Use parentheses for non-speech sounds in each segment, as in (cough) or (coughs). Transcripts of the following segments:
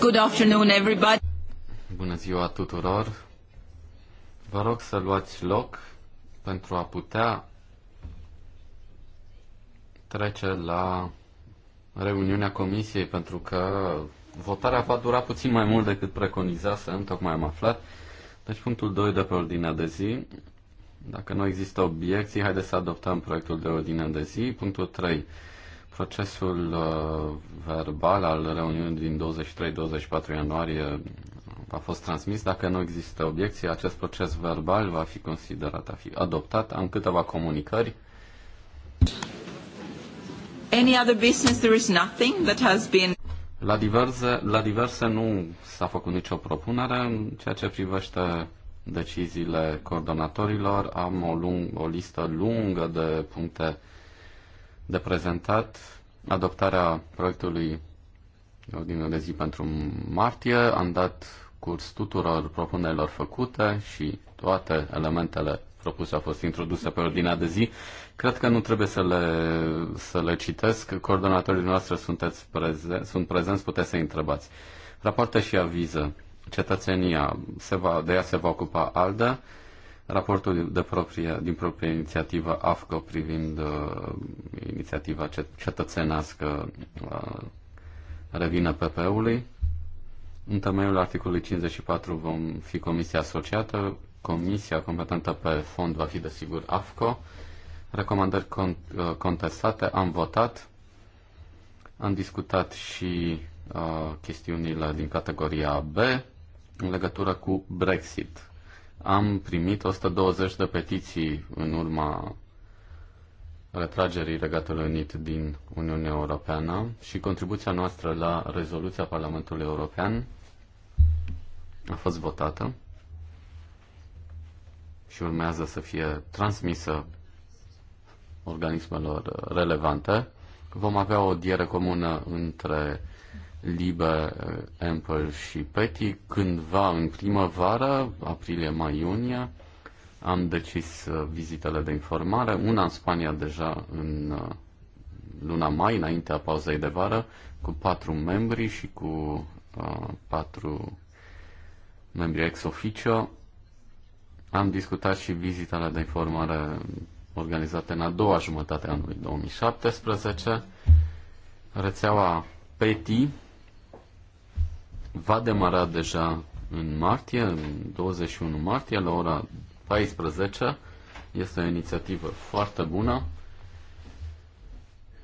Good afternoon, everybody. Bună ziua tuturor. Vă rog să luați loc pentru a putea trece la reuniunea comisiei, pentru că votarea va dura puțin mai mult decât preconizasem, tocmai am aflat. Deci punctul 2 de pe ordinea de zi. Dacă nu există obiecții, haideți să adoptăm proiectul de ordine de zi. Punctul 3 Procesul uh, verbal al reuniunii din 23-24 ianuarie a fost transmis. Dacă nu există obiecții, acest proces verbal va fi considerat a fi adoptat. Am câteva comunicări. Any other business, there is nothing that has been... La diverse, la diverse nu s-a făcut nicio propunere în ceea ce privește deciziile coordonatorilor. Am o, lung, o listă lungă de puncte de prezentat adoptarea proiectului de ordine de zi pentru martie. Am dat curs tuturor propunerilor făcute și toate elementele propuse au fost introduse pe ordinea de zi. Cred că nu trebuie să le, să le citesc. Coordonatorii noastre sunteți prezen, sunt prezenți, puteți să întrebați. Rapoarte și avize. Cetățenia, se va, de ea se va ocupa ALDE raportul de proprie, din proprie inițiativă AFCO privind uh, inițiativa cetățenească uh, revină PP-ului. În temeiul articolului 54 vom fi comisia asociată. Comisia competentă pe fond va fi, desigur, AFCO. Recomandări con- uh, contestate. Am votat. Am discutat și uh, chestiunile din categoria B în legătură cu Brexit am primit 120 de petiții în urma retragerii Regatului Unit din Uniunea Europeană și contribuția noastră la rezoluția Parlamentului European a fost votată și urmează să fie transmisă organismelor relevante. Vom avea o diere comună între Libe, eh, Ample și Peti, cândva în primăvară, aprilie, mai, iunie, am decis eh, vizitele de informare, una în Spania deja în eh, luna mai, înaintea pauzei de vară, cu patru membri și cu uh, patru membri ex officio. Am discutat și vizitele de informare organizate în a doua jumătate a anului 2017. Rețeaua PETI va demara deja în martie, în 21 martie, la ora 14. Este o inițiativă foarte bună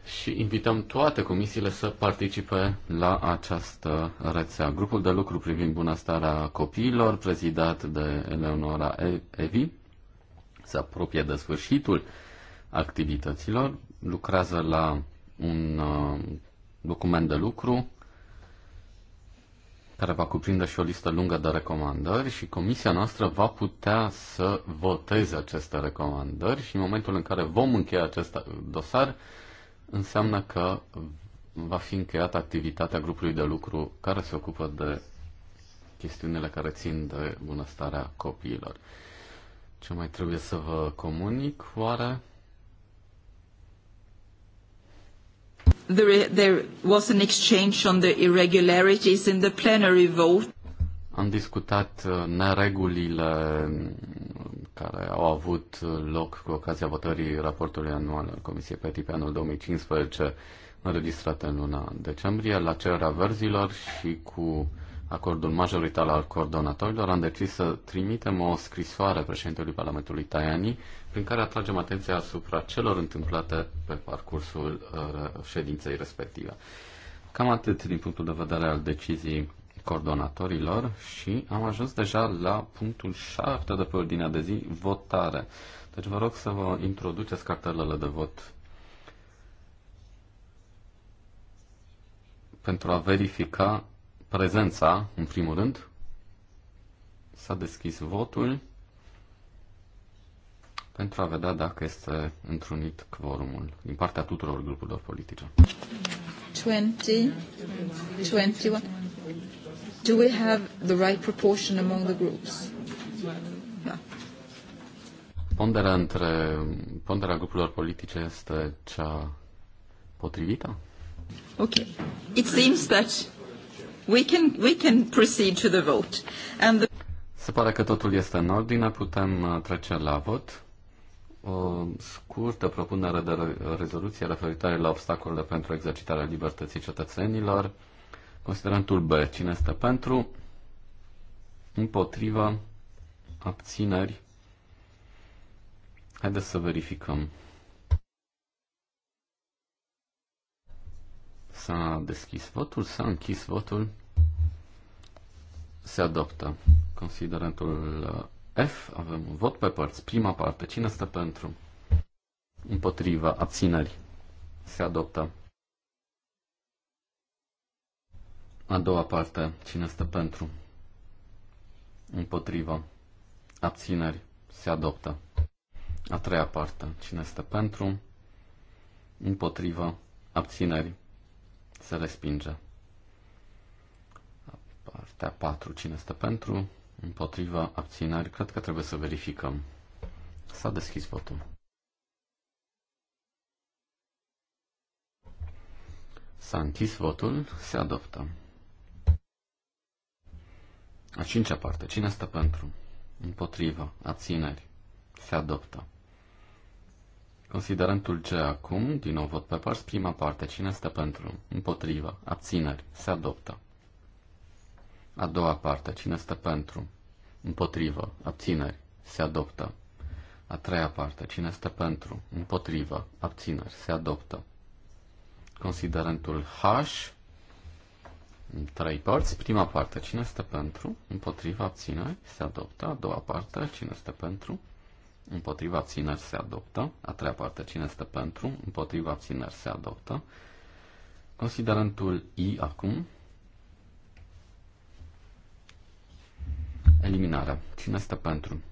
și invităm toate comisiile să participe la această rețea. Grupul de lucru privind bunăstarea copiilor, prezidat de Eleonora Evi, se apropie de sfârșitul activităților, lucrează la un uh, document de lucru care va cuprinde și o listă lungă de recomandări și comisia noastră va putea să voteze aceste recomandări și în momentul în care vom încheia acest dosar, înseamnă că va fi încheiată activitatea grupului de lucru care se ocupă de chestiunile care țin de bunăstarea copiilor. Ce mai trebuie să vă comunic, oare? there, there was an exchange on the irregularities in the plenary vote. Am discutat uh, neregulile um, care au avut uh, loc cu ocazia votării raportului anual al Comisiei Peti pe anul 2015, înregistrate în luna decembrie, la cererea verzilor și cu acordul majoritar al coordonatorilor, am decis să trimitem o scrisoare președintelui Parlamentului Tajani prin care atragem atenția asupra celor întâmplate pe parcursul uh, ședinței respective. Cam atât din punctul de vedere al deciziei coordonatorilor și am ajuns deja la punctul 7 de pe ordinea de zi, votare. Deci vă rog să vă introduceți cartelele de vot pentru a verifica prezența, în primul rând. S-a deschis votul pentru a vedea dacă este întrunit quorumul din partea tuturor grupurilor politice. 20, 21. Do we have the right proportion among the groups? Ponderea între ponderea grupurilor politice este cea potrivită? Okay. It seems that we can we can proceed to the vote. And the... Se pare că totul este în ordine, putem uh, trece la vot o scurtă propunere de rezoluție referitoare la obstacolele pentru exercitarea libertății cetățenilor. Considerentul B. Cine este pentru? Împotriva? Abțineri? Haideți să verificăm. S-a deschis votul, s-a închis votul. Se adoptă. Considerentul F, avem un vot pe părți. Prima parte, cine stă pentru? Împotriva, abțineri. Se adoptă. A doua parte, cine stă pentru? Împotriva, abțineri. Se adoptă. A treia parte, cine stă pentru? Împotriva, abțineri. Se respinge. Partea 4, cine stă pentru? împotriva abținări, cred că trebuie să verificăm. S-a deschis votul. S-a închis votul, se adoptă. A cincea parte. Cine stă pentru? Împotriva. Abțineri. Se adoptă. Considerentul G acum, din nou vot pe părți, prima parte. Cine stă pentru? Împotriva. Abțineri. Se adoptă. A doua parte. Cine stă pentru? Împotrivă. Abțineri. Se adoptă. A treia parte. Cine este pentru? Împotrivă. Abțineri. Se adoptă. Considerentul H. În trei părți. Prima parte. Cine este pentru? Împotrivă. Abțineri. Se adoptă. A doua parte. Cine este pentru? Împotriva abțineri se adoptă. A treia parte. Cine este pentru? Împotriva abțineri se adoptă. Considerentul I acum. Eliminarea. Cine este pentru?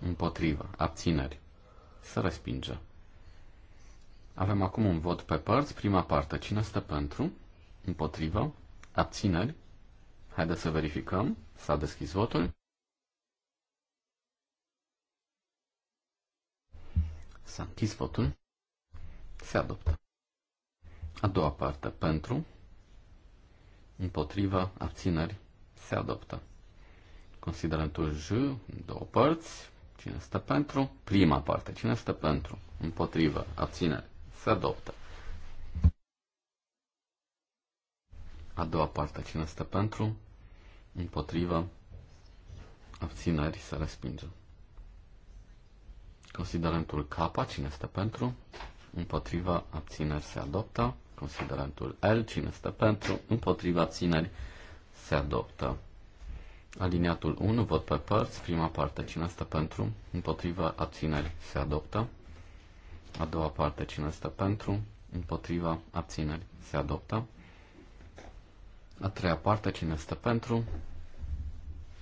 Împotrivă. Abțineri. Se respinge. Avem acum un vot pe părți. Prima parte. Cine este pentru? Împotrivă. Abțineri. Haideți să verificăm. S-a deschis votul. S-a închis votul. Se adoptă. A doua parte. Pentru. Împotrivă. Abțineri. Se adoptă. Considerentul J, două părți. Cine stă pentru? Prima parte. Cine stă pentru? Împotrivă. Abținere. Se adoptă. A doua parte. Cine stă pentru? Împotrivă. abținere, Se respinge. Considerentul K, cine stă pentru? Împotriva abțineri se adoptă. Considerentul L, cine stă pentru? Împotriva abțineri se adoptă. Aliniatul 1, vot pe părți, prima parte, cine stă pentru, împotriva, abțineri, se adoptă. A doua parte, cine stă pentru, împotriva, abțineri, se adoptă. A treia parte, cine stă pentru,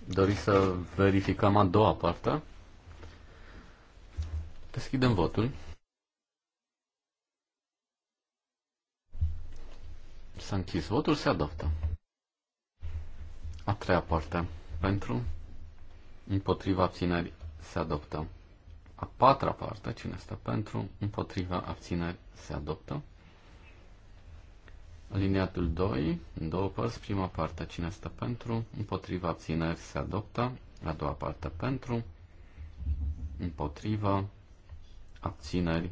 dori să verificăm a doua parte. Deschidem votul. S-a închis votul, se adoptă. A treia parte pentru, împotriva abțineri se adoptă. A patra parte, cine stă pentru, împotriva abțineri se adoptă. Aliniatul 2, în două părți, prima parte, cine stă pentru, împotriva abțineri se adoptă, a doua parte pentru, împotriva abțineri.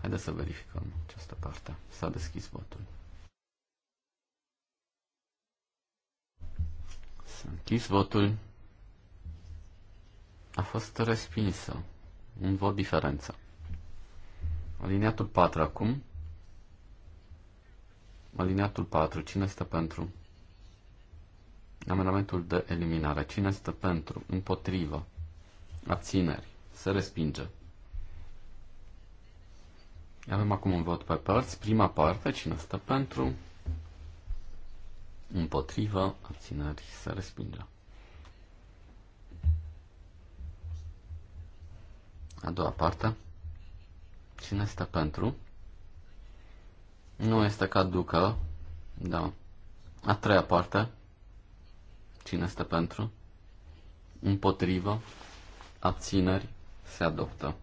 Haideți să verificăm această parte. S-a deschis votul. închis votul. A fost respinsă. Un vot diferență. Aliniatul 4 acum. Aliniatul 4. Cine este pentru? Amendamentul de eliminare. Cine este pentru? Împotrivă. Abțineri. Se respinge. Avem acum un vot pe părți. Prima parte. Cine este pentru? împotrivă, abținări se respinge. A doua parte. Cine este pentru? Nu este ducă. Da. A treia parte. Cine este pentru? Împotrivă. Abțineri. Se adoptă.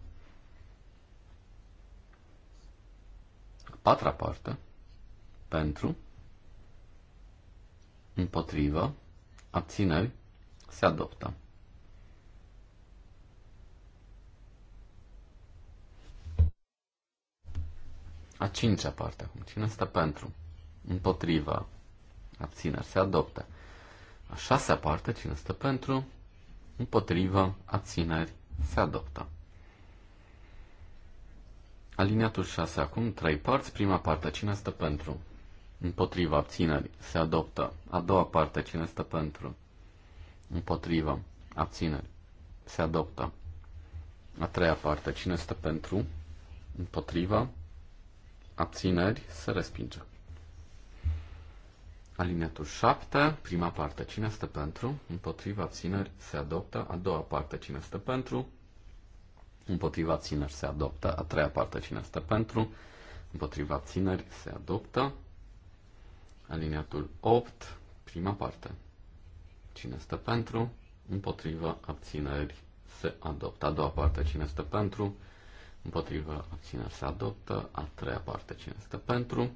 A patra parte. Pentru împotrivă, abțineri, se adoptă. A cincea parte acum. Cine este pentru? Împotriva. Abțineri. Se adoptă. A șasea parte. Cine este pentru? Împotriva. Abțineri. Se adoptă. Aliniatul 6 acum. Trei părți. Prima parte. Cine este pentru? Împotriva abținerii. Se adoptă. A doua parte. Cine stă pentru? Împotriva abținerii. Se adoptă. A treia parte. Cine stă pentru? Împotriva abțineri. Se respinge. Alineatul 7, prima parte, cine stă pentru, împotriva abțineri se adoptă, a doua parte, cine stă pentru, împotriva abțineri se adoptă, a treia parte, cine stă pentru, împotriva abțineri se adoptă, Aliniatul 8, prima parte. Cine este pentru? Împotriva abțineri se adoptă. A doua parte, cine este pentru? Împotriva abțineri se adoptă. A treia parte, cine este pentru?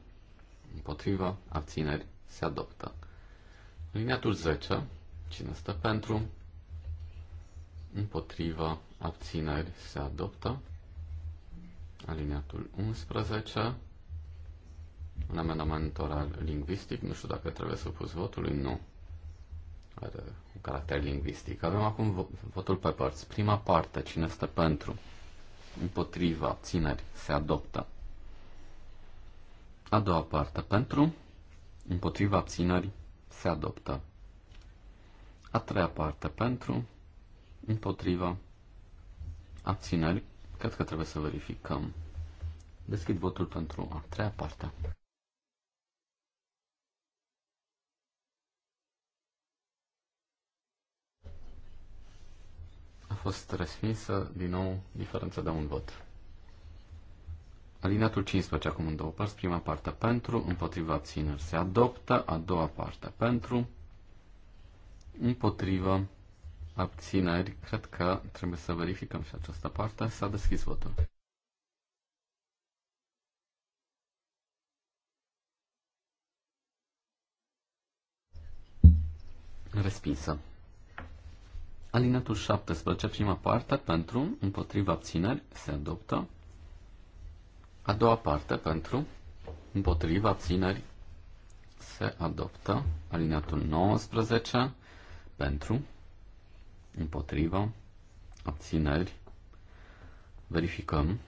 Împotriva abțineri se adoptă. Aliniatul 10, cine este pentru? Împotriva abțineri se adoptă. Aliniatul 11, un amendament oral lingvistic, nu știu dacă trebuie supus votului, nu. Are un caracter lingvistic. Avem acum votul pe părți. Prima parte, cine este pentru, împotriva, abțineri, se adoptă. A doua parte, pentru, împotriva, abțineri, se adoptă. A treia parte, pentru, împotriva, abțineri, cred că trebuie să verificăm. Deschid votul pentru a treia parte. fost respinsă, din nou, diferență de un vot. Alineatul 15, acum în două părți, prima parte pentru, împotriva abțineri se adoptă, a doua parte pentru, împotriva abțineri, cred că trebuie să verificăm și această parte, s-a deschis votul. Respinsă. Alinatul 17, prima parte, pentru, împotriva abțineri, se adoptă. A doua parte, pentru, împotriva abțineri, se adoptă. Alinatul 19, pentru, împotriva, abțineri, verificăm.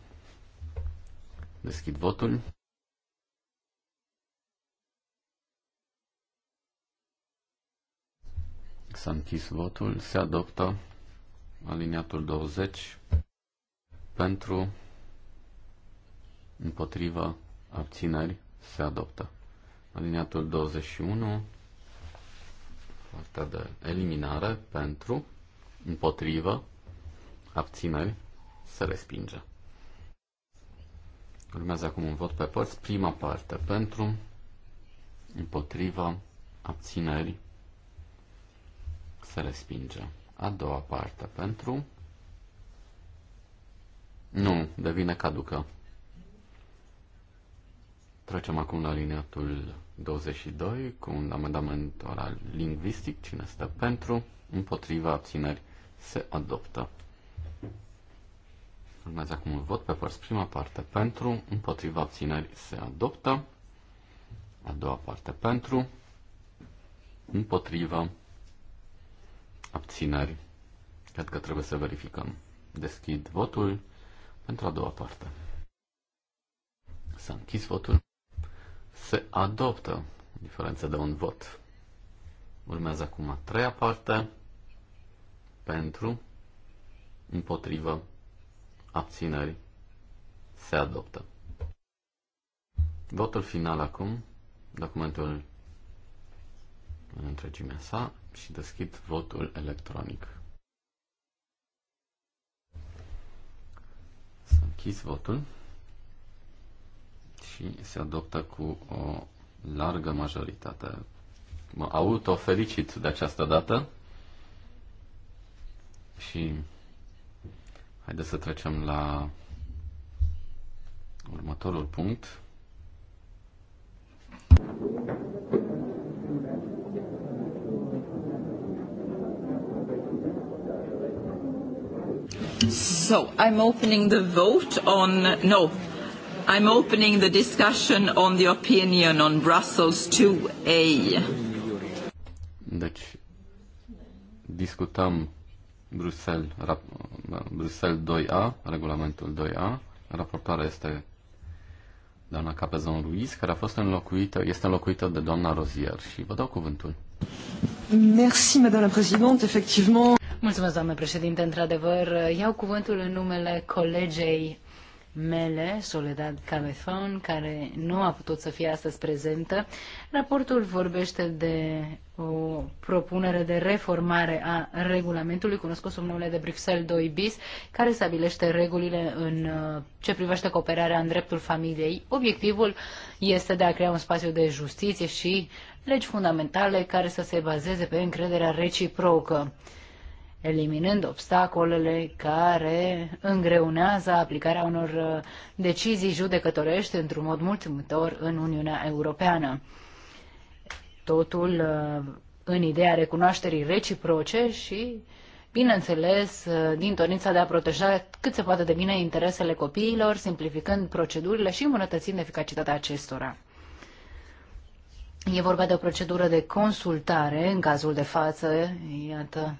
Deschid votul. S-a închis votul. Se adoptă aliniatul 20 pentru împotriva abțineri se adoptă. Aliniatul 21 partea de eliminare pentru împotriva abțineri se respinge. Urmează acum un vot pe părți. Prima parte pentru împotriva abțineri se respinge. A doua parte pentru. Nu, devine caducă. Trecem acum la liniatul 22 cu un amendament oral lingvistic. Cine stă pentru? Împotriva abțineri se adoptă. Urmează acum un vot pe părți. Prima parte pentru, împotriva abțineri se adoptă. A doua parte pentru, împotriva abțineri. Cred că trebuie să verificăm. Deschid votul pentru a doua parte. S-a închis votul. Se adoptă diferență de un vot. Urmează acum a treia parte. Pentru, împotrivă, abțineri, se adoptă. Votul final acum, documentul în întregimea sa, și deschid votul electronic. S-a închis votul și se adoptă cu o largă majoritate. Mă autofelicit de această dată și haideți să trecem la următorul punct. Thank you. So I'm opening the vote on, no, I'm opening the discussion on the opinion on Brussels 2A. Deci, discutăm Bruxelles, rap, Bruxelles 2A, regulamentul 2A. Raportarea este doamna Capezon Ruiz, care a fost înlocuită, este înlocuită de doamna Rozier și vă dau cuvântul. Merci, Madame la Présidente. Effectivement. Mulțumesc, doamnă președinte. Într-adevăr, iau cuvântul în numele colegei mele, Soledad Cabezon, care nu a putut să fie astăzi prezentă. Raportul vorbește de o propunere de reformare a regulamentului cunoscut sub numele de Bruxelles 2 bis, care stabilește regulile în uh, ce privește cooperarea în dreptul familiei. Obiectivul este de a crea un spațiu de justiție și legi fundamentale care să se bazeze pe încrederea reciprocă eliminând obstacolele care îngreunează aplicarea unor uh, decizii judecătorești într-un mod mulțumitor în Uniunea Europeană. Totul uh, în ideea recunoașterii reciproce și, bineînțeles, uh, din dorința de a proteja cât se poate de bine interesele copiilor, simplificând procedurile și îmbunătățind eficacitatea acestora. E vorba de o procedură de consultare, în cazul de față, iată,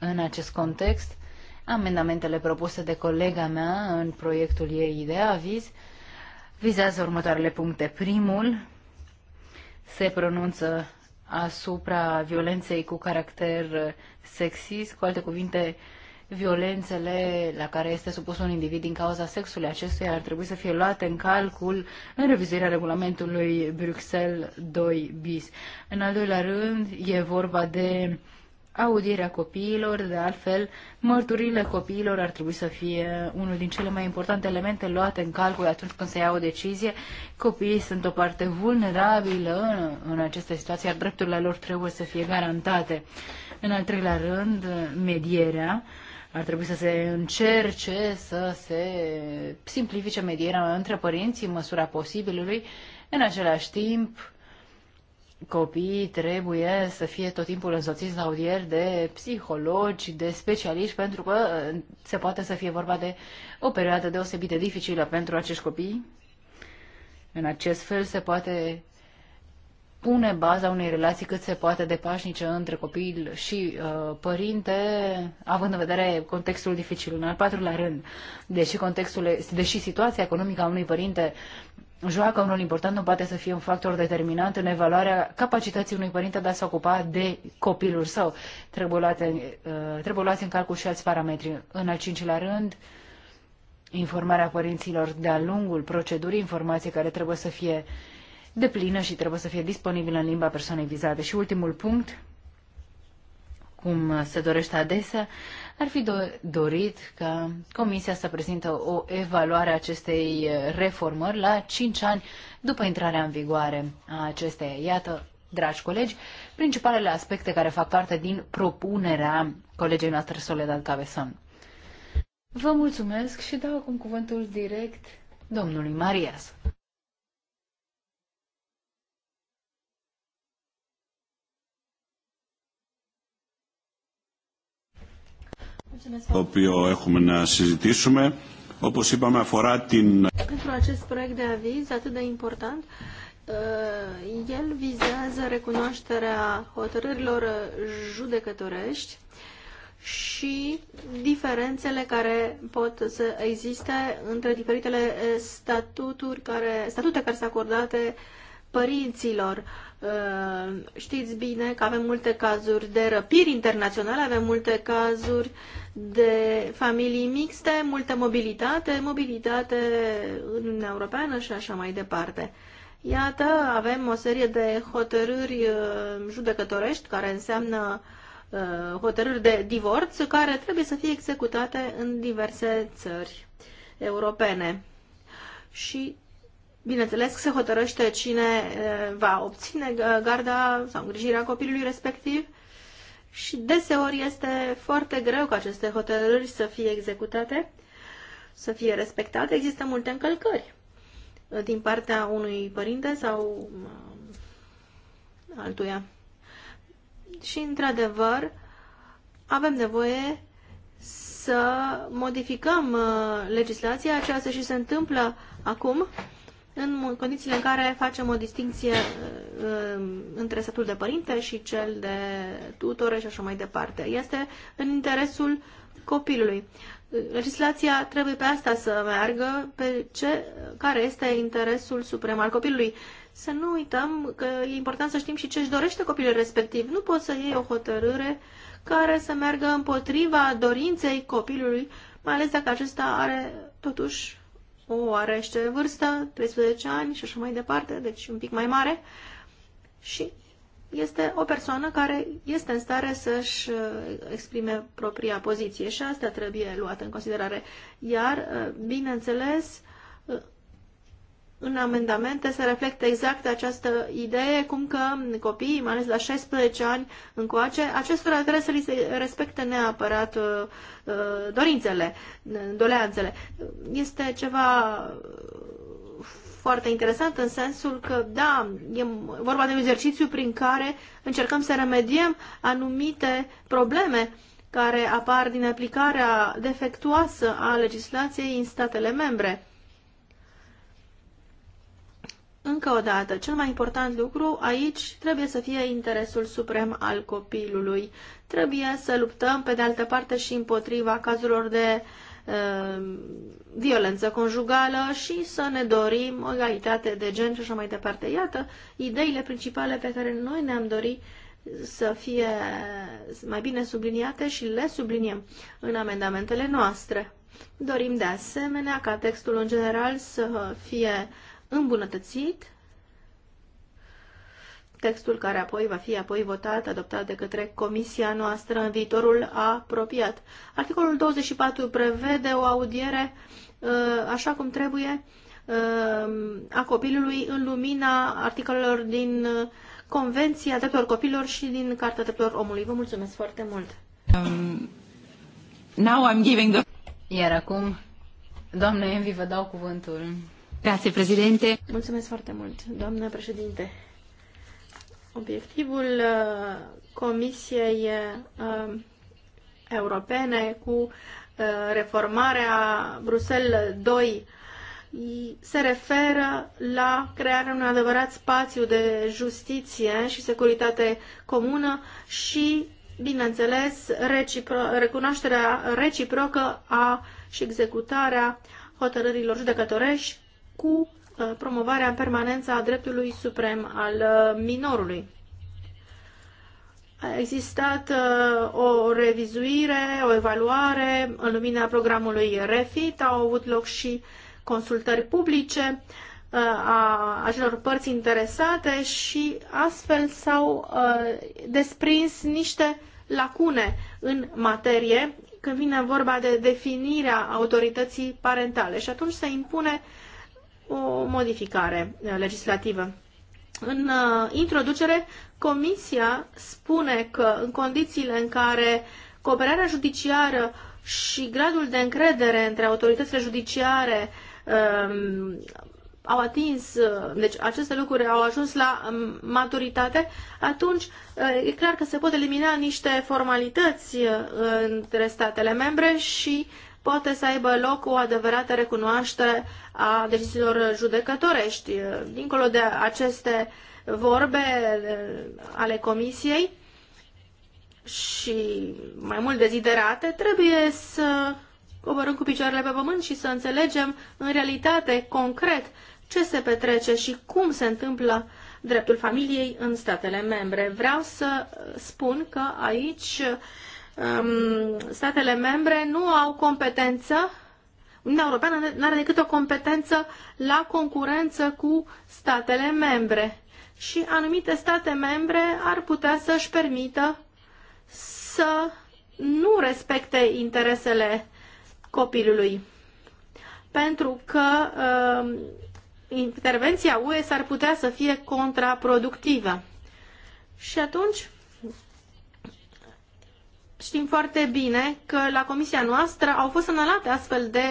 în acest context, amendamentele propuse de colega mea în proiectul ei de aviz vizează următoarele puncte. Primul se pronunță asupra violenței cu caracter sexist, cu alte cuvinte, violențele la care este supus un individ din cauza sexului acestuia ar trebui să fie luate în calcul în revizuirea regulamentului Bruxelles 2 bis. În al doilea rând, e vorba de audierea copiilor, de altfel, mărturile copiilor ar trebui să fie unul din cele mai importante elemente luate în calcul atunci când se ia o decizie. Copiii sunt o parte vulnerabilă în, în aceste situații, iar drepturile lor trebuie să fie garantate. În al treilea rând, medierea. Ar trebui să se încerce să se simplifice medierea între părinți în măsura posibilului. În același timp, copiii trebuie să fie tot timpul însoțiți la audieri de psihologi, de specialiști, pentru că uh, se poate să fie vorba de o perioadă deosebit de dificilă pentru acești copii. În acest fel se poate pune baza unei relații cât se poate de pașnice între copil și uh, părinte, având în vedere contextul dificil. În al patrulea rând, deși, contextul, deși situația economică a unui părinte joacă un rol important, nu poate să fie un factor determinant în evaluarea capacității unui părinte de a se ocupa de copilul său. Trebuie, uh, trebuie luați în calcul și alți parametri. În al cincilea rând, informarea părinților de-a lungul procedurii, informații care trebuie să fie deplină și trebuie să fie disponibilă în limba persoanei vizate. Și ultimul punct, cum se dorește adesea, ar fi dorit ca Comisia să prezintă o evaluare a acestei uh, reformări la 5 ani după intrarea în vigoare a acesteia. Iată, dragi colegi, principalele aspecte care fac parte din propunerea colegei noastre Soledad Cabeson. Vă mulțumesc și dau acum cuvântul direct domnului Marias. το οποίο έχουμε να συζητήσουμε. Όπως είπαμε αφορά την... Pentru acest proiect de aviz atât de important, uh, el vizează recunoașterea hotărârilor judecătorești și diferențele care pot să existe între diferitele statuturi care, statute care sunt acordate părinților. Uh, Uh, știți bine că avem multe cazuri de răpiri internaționale, avem multe cazuri de familii mixte, multă mobilitate, mobilitate în Uniunea Europeană și așa mai departe. Iată, avem o serie de hotărâri uh, judecătorești, care înseamnă uh, hotărâri de divorț, care trebuie să fie executate în diverse țări europene. Și bineînțeles, se hotărăște cine va obține garda sau îngrijirea copilului respectiv și deseori este foarte greu ca aceste hotărâri să fie executate, să fie respectate. Există multe încălcări din partea unui părinte sau altuia. Și, într-adevăr, avem nevoie să modificăm legislația, ceea ce și se întâmplă acum în condițiile în care facem o distinție uh, uh, între statul de părinte și cel de tutore și așa mai departe. Este în interesul copilului. Legislația trebuie pe asta să meargă, pe ce, care este interesul suprem al copilului. Să nu uităm că e important să știm și ce își dorește copilul respectiv. Nu poți să iei o hotărâre care să meargă împotriva dorinței copilului, mai ales dacă acesta are totuși o arește vârstă, 13 ani și așa mai departe, deci un pic mai mare, și este o persoană care este în stare să-și uh, exprime propria poziție și asta trebuie luată în considerare. Iar, uh, bineînțeles, uh, în amendamente se reflectă exact această idee, cum că copiii, mai ales la 16 ani încoace, acestora trebuie să li se respecte neapărat uh, uh, dorințele, doleanțele. Este ceva foarte interesant în sensul că, da, e vorba de un exercițiu prin care încercăm să remediem anumite probleme care apar din aplicarea defectuoasă a legislației în statele membre încă o dată, cel mai important lucru aici trebuie să fie interesul suprem al copilului. Trebuie să luptăm, pe de altă parte, și împotriva cazurilor de uh, violență conjugală și să ne dorim o egalitate de gen și așa mai departe. Iată ideile principale pe care noi ne-am dorit să fie mai bine subliniate și le subliniem în amendamentele noastre. Dorim de asemenea ca textul în general să fie uh, îmbunătățit, textul care apoi va fi apoi votat, adoptat de către comisia noastră în viitorul apropiat. Articolul 24 prevede o audiere uh, așa cum trebuie uh, a copilului în lumina articolelor din uh, Convenția Drepturilor Copilor și din Carta Drepturilor Omului. Vă mulțumesc foarte mult! Um, now I'm giving the... Iar acum, doamne Envi, vă dau cuvântul. Grazie, Mulțumesc foarte mult, doamnă președinte. Obiectivul uh, Comisiei uh, Europene cu uh, reformarea Bruxelles II se referă la crearea unui adevărat spațiu de justiție și securitate comună și, bineînțeles, recipro- recunoașterea reciprocă a și executarea hotărârilor judecătorești cu uh, promovarea în permanență a dreptului suprem al uh, minorului. A existat uh, o revizuire, o evaluare în lumina programului REFIT, au avut loc și consultări publice a acelor părți interesate și astfel s-au desprins niște lacune în materie când vine vorba de definirea autorității parentale și atunci se impune uh, o modificare uh, legislativă. În uh, introducere, Comisia spune că în condițiile în care cooperarea judiciară și gradul de încredere între autoritățile judiciare um, au atins, uh, deci aceste lucruri au ajuns la um, maturitate, atunci e clar că se pot elimina niște formalități între statele membre și uh, poate să aibă loc o adevărată recunoaștere a deciziilor judecătorești. Dincolo de aceste vorbe eh, ale comisiei și mai mult deziderate, trebuie să coborâm cu picioarele pe pământ și să înțelegem în realitate, concret, ce se petrece și cum se întâmplă dreptul familiei în statele membre. Vreau să spun că aici statele membre nu au competență, Uniunea Europeană nu are decât o competență la concurență cu statele membre și anumite state membre ar putea să-și permită să nu respecte interesele copilului. Pentru că um, intervenția UE s-ar putea să fie contraproductivă. Și atunci știm foarte bine că la comisia noastră au fost semnalate astfel de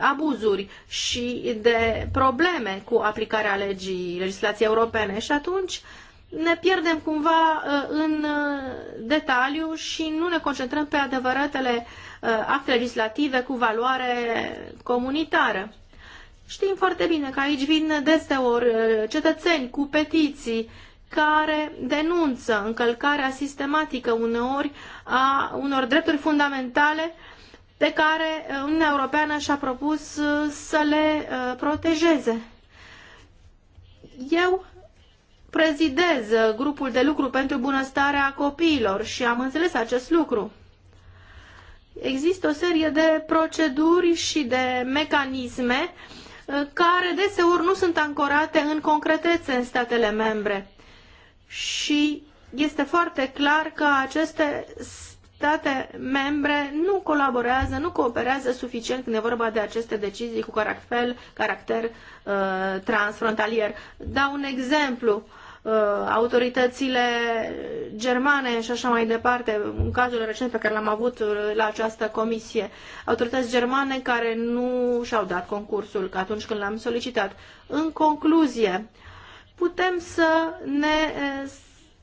abuzuri și de probleme cu aplicarea legii, legislației europene și atunci ne pierdem cumva în detaliu și nu ne concentrăm pe adevăratele acte legislative cu valoare comunitară. Știm foarte bine că aici vin deseori cetățeni cu petiții care denunță încălcarea sistematică uneori a unor drepturi fundamentale pe care uh, Uniunea Europeană și-a propus uh, să le uh, protejeze. Eu prezidez grupul de lucru pentru bunăstarea copiilor și am înțeles acest lucru. Există o serie de proceduri și de mecanisme care deseori nu sunt ancorate în concretețe în statele membre și este foarte clar că aceste state membre nu colaborează, nu cooperează suficient când e vorba de aceste decizii cu caracter, caracter uh, transfrontalier. Dau un exemplu. Uh, autoritățile germane și așa mai departe, un cazul recent pe care l-am avut uh, la această comisie, autorități germane care nu și-au dat concursul că atunci când l-am solicitat. În concluzie, uh, putem să ne eh,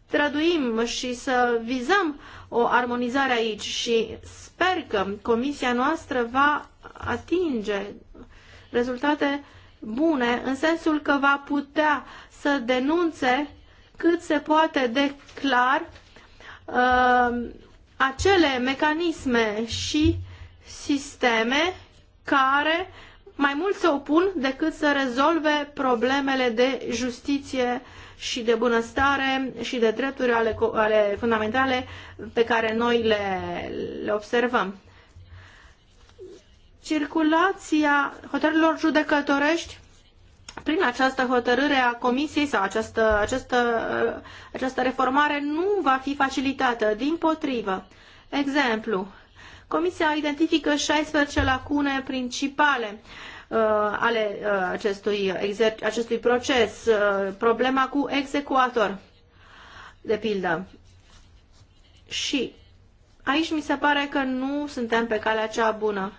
străduim și să vizăm o armonizare aici și sper că comisia noastră va atinge rezultate bune în sensul că va putea să denunțe cât se poate de clar eh, acele mecanisme și sisteme care mai mult se opun decât să rezolve problemele de justiție și de bunăstare și de drepturi ale, ale fundamentale pe care noi le, le observăm. Circulația hotărârilor judecătorești prin această hotărâre a Comisiei sau această, această, această reformare nu va fi facilitată, din potrivă. Exemplu, Comisia identifică 16 lacune principale uh, ale uh, acestui, exer- acestui proces. Uh, problema cu execuator, de pildă. Și aici mi se pare că nu suntem pe calea cea bună.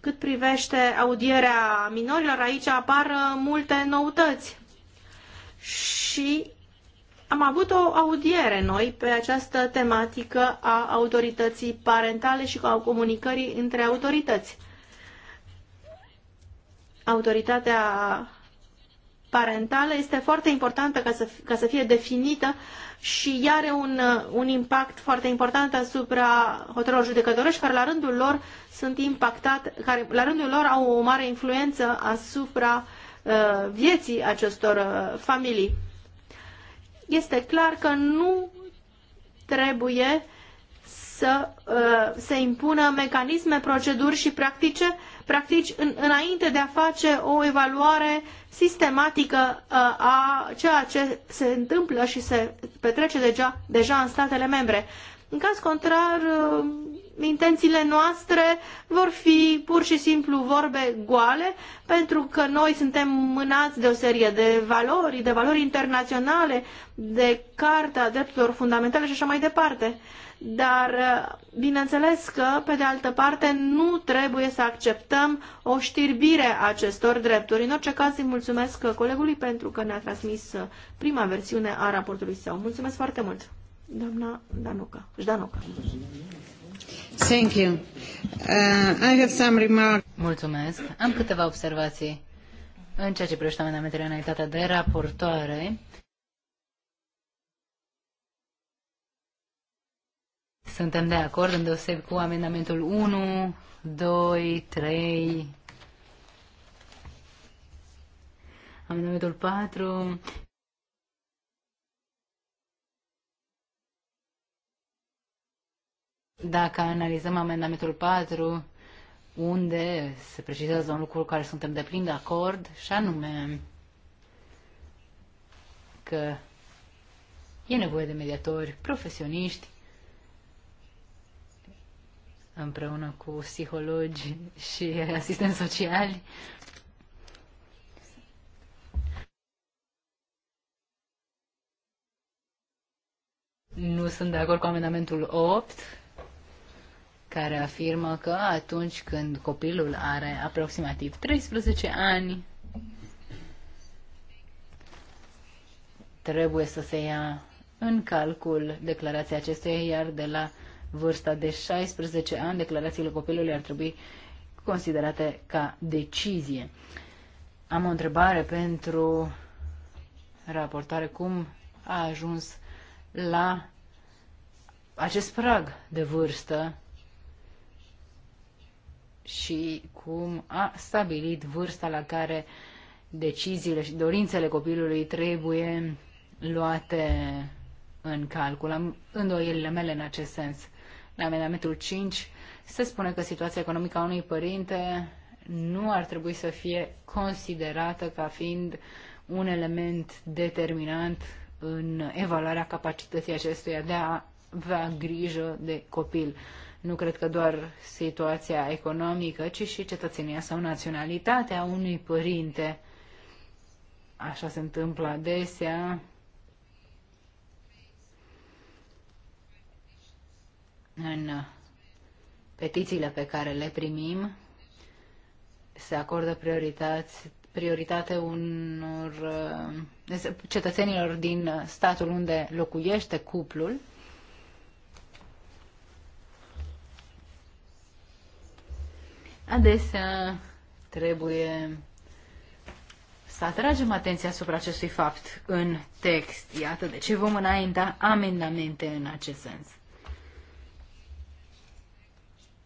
Cât privește audierea minorilor, aici apar uh, multe noutăți. Și am avut o audiere noi pe această tematică a autorității parentale și a comunicării între autorități. Autoritatea parentală este foarte importantă ca să, ca să fie definită și ea are un, un impact foarte important asupra hotărârilor judecătorești care la rândul lor sunt impactat, care la rândul lor au o mare influență asupra uh, vieții acestor uh, familii este clar că nu trebuie să uh, se impună mecanisme, proceduri și practice, practici în, înainte de a face o evaluare sistematică uh, a ceea ce se întâmplă și se petrece deja, deja în statele membre. În caz contrar, uh, intențiile noastre vor fi pur și simplu vorbe goale, pentru că noi suntem mânați de o serie de valori, de valori internaționale, de Carta Drepturilor Fundamentale și așa mai departe. Dar, bineînțeles că, pe de altă parte, nu trebuie să acceptăm o știrbire a acestor drepturi. În orice caz, îi mulțumesc colegului pentru că ne-a transmis prima versiune a raportului său. Mulțumesc foarte mult, doamna Danuca. Ždanoca. Thank you. Uh, I have some remarks. Mulțumesc. Am câteva observații în ceea ce privește amendamentele înaintate de raportoare. Suntem de acord în îndeoseb cu amendamentul 1, 2, 3, amendamentul 4, Dacă analizăm amendamentul 4, unde se precizează un lucru cu care suntem de plin de acord, și anume că e nevoie de mediatori profesioniști împreună cu psihologi și asistenți sociali. Nu sunt de acord cu amendamentul 8, care afirmă că atunci când copilul are aproximativ 13 ani, trebuie să se ia în calcul declarația acesteia, iar de la vârsta de 16 ani, declarațiile copilului ar trebui considerate ca decizie. Am o întrebare pentru raportare. Cum a ajuns la acest prag de vârstă și cum a stabilit vârsta la care deciziile și dorințele copilului trebuie luate în calcul. Am îndoielile mele în acest sens. La amendamentul 5 se spune că situația economică a unui părinte nu ar trebui să fie considerată ca fiind un element determinant în evaluarea capacității acestuia de a avea grijă de copil. Nu cred că doar situația economică, ci și cetățenia sau naționalitatea unui părinte. Așa se întâmplă adesea. În petițiile pe care le primim, se acordă priorități, prioritate unor uh, cetățenilor din statul unde locuiește cuplul Adesea trebuie să atragem atenția asupra acestui fapt în text. Iată de ce vom înainta amendamente în acest sens.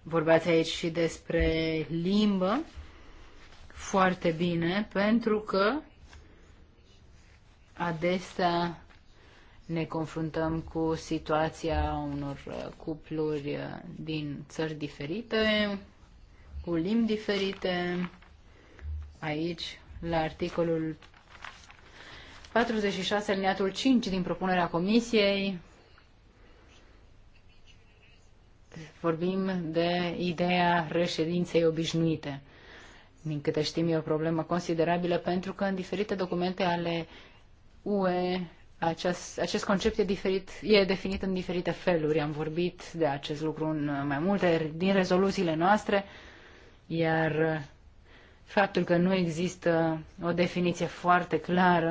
Vorbeați aici și despre limbă. Foarte bine, pentru că adesea ne confruntăm cu situația unor cupluri din țări diferite, cu limbi diferite. Aici, la articolul 46, aliniatul 5 din propunerea comisiei, vorbim de ideea reședinței obișnuite. Din câte știm, e o problemă considerabilă pentru că în diferite documente ale UE acest, acest concept e, diferit, e definit în diferite feluri. Am vorbit de acest lucru în mai multe din rezoluțiile noastre. Uh, iar uh, faptul că nu există o definiție foarte clară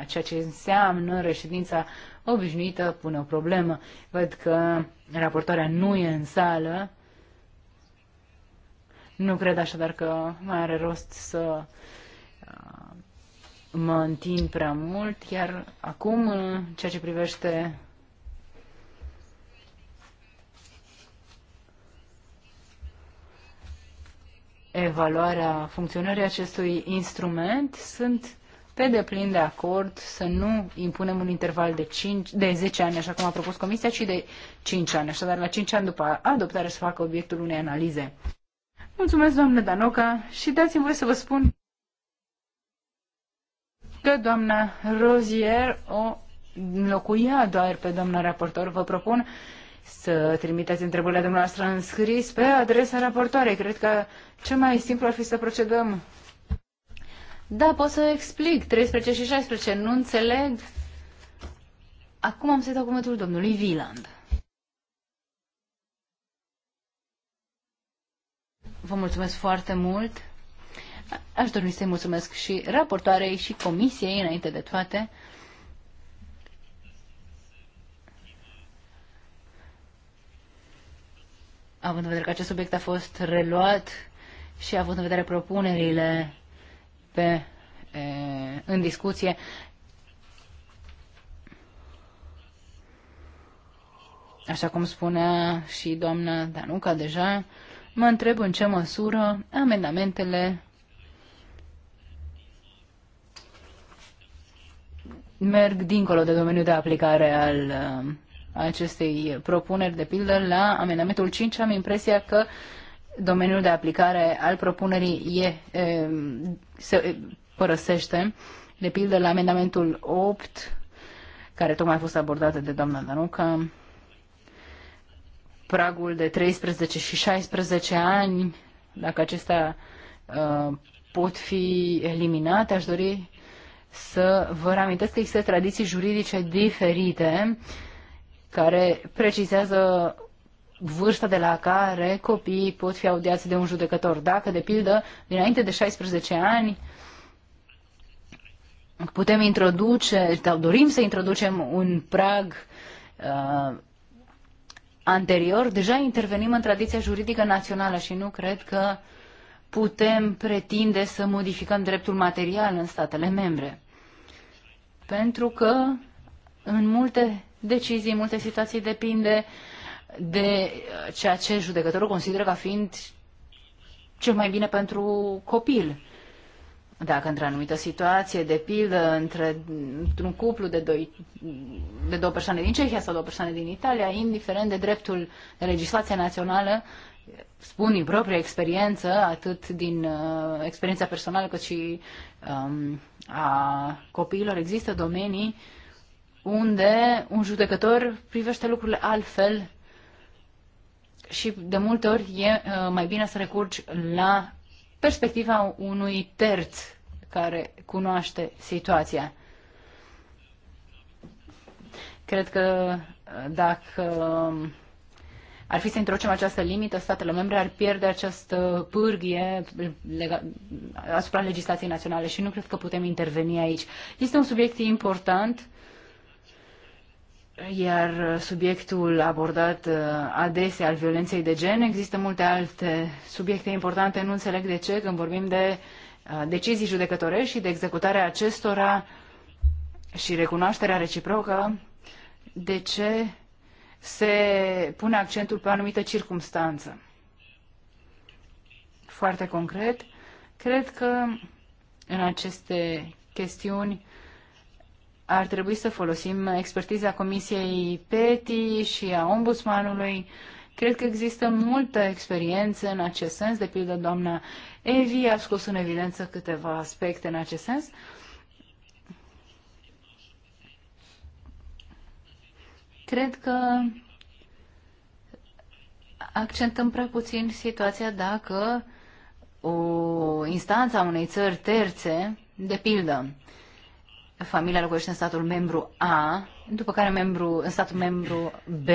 a ceea ce înseamnă reședința obișnuită pune o problemă. Văd că raportoarea nu e în sală. Nu cred așadar că mai are rost să uh, mă întind prea mult, iar acum, în ceea ce privește evaluarea funcționării acestui instrument, sunt pe deplin de acord să nu impunem un interval de, 5, de 10 ani, așa cum a propus Comisia, ci de 5 ani. Așadar, la 5 ani după adoptare să facă obiectul unei analize. Mulțumesc, doamnă Danoca, și dați-mi voi să vă spun că doamna Rozier o înlocuia doar pe doamna raportor. Vă propun să trimiteți întrebările dumneavoastră în scris pe adresa raportoarei. Cred că cel mai simplu ar fi să procedăm. Da, pot să explic. 13 și 16. Nu înțeleg. Acum am să dau cuvântul domnului Viland. Vă mulțumesc foarte mult. Aș dori să-i mulțumesc și raportoarei și comisiei, înainte de toate. având în vedere că acest subiect a fost reluat și având în vedere propunerile pe, e, în discuție, așa cum spunea și doamna Danuca deja, mă întreb în ce măsură amendamentele merg dincolo de domeniul de aplicare al acestei propuneri, de pildă, la amendamentul 5 am impresia că domeniul de aplicare al propunerii e, e, se părăsește, de pildă la amendamentul 8, care tocmai a fost abordată de doamna Danuca, pragul de 13 și 16 ani, dacă acestea uh, pot fi eliminate, aș dori să vă reamintesc că există tradiții juridice diferite uh, care precizează vârsta de la care copiii pot fi audiați de un judecător. Dacă, de pildă, dinainte de 16 ani, putem introduce, sau dorim să introducem un prag uh, anterior, deja intervenim în tradiția juridică națională și nu cred că putem pretinde să modificăm dreptul material în statele membre. Pentru că în multe decizii, în multe situații depinde de uh, ceea ce judecătorul consideră ca fiind cel mai bine pentru copil. Dacă într-o anumită situație, de pildă, între, într-un cuplu de, doi, de două persoane din Cehia sau două persoane din Italia, indiferent de dreptul de legislație națională, spun din propria experiență, atât din uh, experiența personală cât și um, a copiilor, există domenii uh, unde un judecător privește lucrurile altfel și de multe ori e uh, mai bine să recurgi la perspectiva unui terț care cunoaște situația. Cred că uh, dacă um, ar fi să introducem această limită, statele membre ar pierde această pârghie asupra legislației naționale și nu cred că putem interveni aici. Este un subiect important iar uh, subiectul abordat uh, adesea al violenței de gen, există multe alte subiecte importante, nu înțeleg de ce când vorbim de uh, decizii judecătorești și de executarea acestora și recunoașterea reciprocă, de ce se pune accentul pe o anumită circumstanță. Foarte concret, cred că în aceste chestiuni ar trebui să folosim expertiza Comisiei PETI și a Ombudsmanului. Cred că există multă experiență în acest sens, de pildă doamna Evi a scos în evidență câteva aspecte în acest sens. Cred că accentăm prea puțin situația dacă o instanță a unei țări terțe, de pildă, familia locuiește în statul membru A, după care membru, în statul membru B,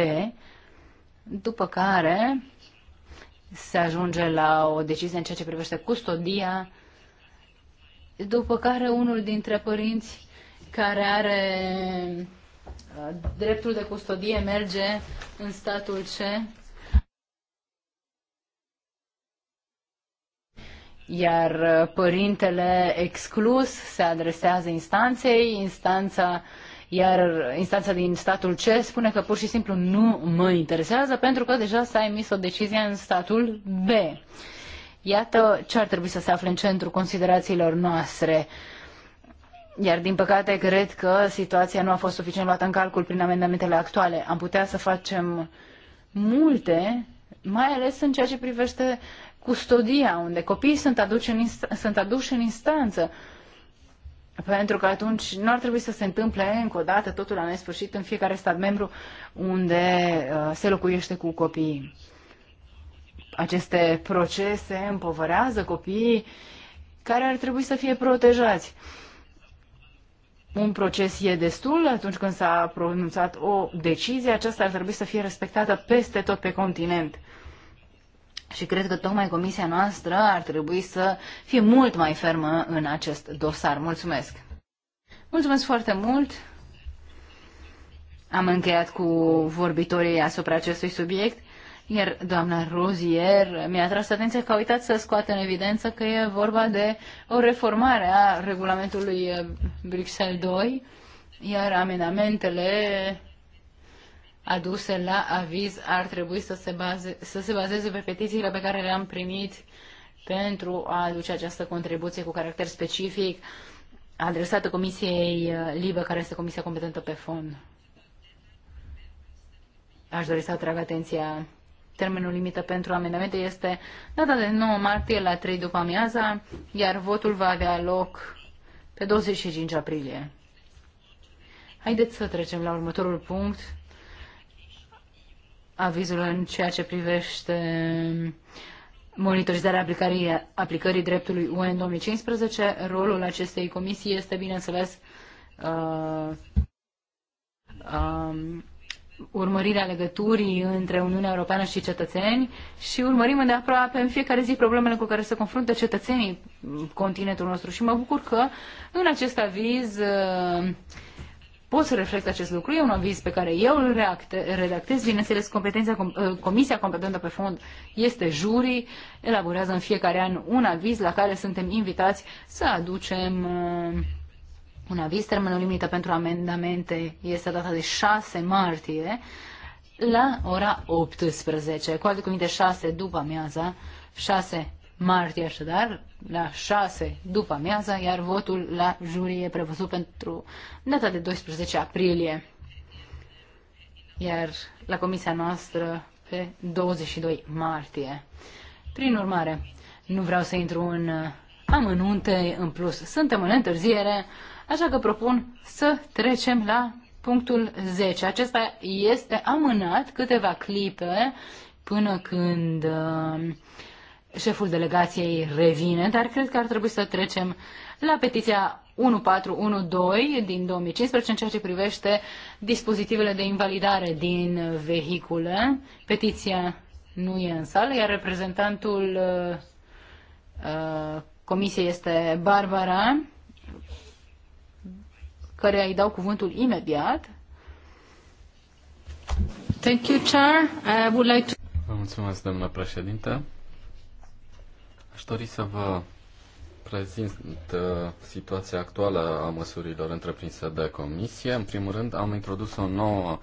după care se ajunge la o decizie în ceea ce privește custodia, după care unul dintre părinți care are uh, dreptul de custodie merge în statul C iar uh, părintele exclus se adresează instanței, instanța iar instanța din statul C spune că pur și simplu nu mă interesează pentru că deja s-a emis o decizie în statul B. Iată ce ar trebui să se afle în centrul considerațiilor noastre. Iar din păcate cred că situația nu a fost suficient luată în calcul prin amendamentele actuale. Am putea să facem multe, mai ales în ceea ce privește uh, custodia, unde copiii sunt aduși în, sunt aduși în instanță. Pentru că atunci nu ar trebui să se întâmple încă o dată totul la nesfârșit în fiecare stat membru unde uh, se locuiește cu copiii. Aceste procese împovărează copiii care ar trebui să fie protejați. Un proces e destul atunci când s-a pronunțat o decizie, aceasta ar trebui să fie respectată peste tot pe continent. Și cred că tocmai comisia noastră ar trebui să fie mult mai fermă în acest dosar. Mulțumesc! Mulțumesc foarte mult! Am încheiat cu vorbitorii asupra acestui subiect, iar doamna Rozier mi-a tras atenția că a uitat să scoată în evidență că e vorba de o reformare a regulamentului Bruxelles 2, iar amendamentele aduse la aviz ar trebui să se, baze, să se bazeze pe petițiile pe care le-am primit pentru a aduce această contribuție cu caracter specific adresată Comisiei uh, Libă, care este comisia competentă pe fond. Aș dori să atrag atenția. Termenul limită pentru amendamente este data de 9 martie la 3 după amiaza, iar votul va avea loc pe 25 aprilie. Haideți să trecem la următorul punct avizul în ceea ce privește monitorizarea aplicării, aplicării dreptului UE în 2015. Rolul acestei comisii este, bineînțeles, uh, uh, urmărirea legăturii între Uniunea Europeană și cetățeni și urmărim îndeaproape în fiecare zi problemele cu care se confruntă cetățenii continentul nostru. Și mă bucur că în acest aviz uh, pot să reflecte acest lucru. E un aviz pe care eu îl redactez. Bineînțeles, competența, uh, comisia competentă pe fond este jury, Elaborează în fiecare an un aviz la care suntem invitați să aducem uh, un aviz. Termenul limită pentru amendamente este data de 6 martie la ora 18. Cu alte cuvinte, 6 după amiaza, 6 martie, așadar, la 6 după amiaza, iar votul la jurie e prevăzut pentru data de 12 aprilie. Iar la comisia noastră pe 22 martie. Prin urmare, nu vreau să intru în amănunte în plus. Suntem în întârziere, așa că propun să trecem la punctul 10. Acesta este amânat câteva clipe până când uh, șeful delegației revine, dar cred că ar trebui să trecem la petiția 1412 din 2015 în ceea ce privește dispozitivele de invalidare din vehicule. Petiția nu e în sală, iar reprezentantul uh, uh, comisiei este Barbara, care îi dau cuvântul imediat. Thank you, Chair. I would like to... Vă mulțumesc, doamna președintă. Aș dori să vă prezint uh, situația actuală a măsurilor întreprinse de comisie. În primul rând, am introdus o nouă,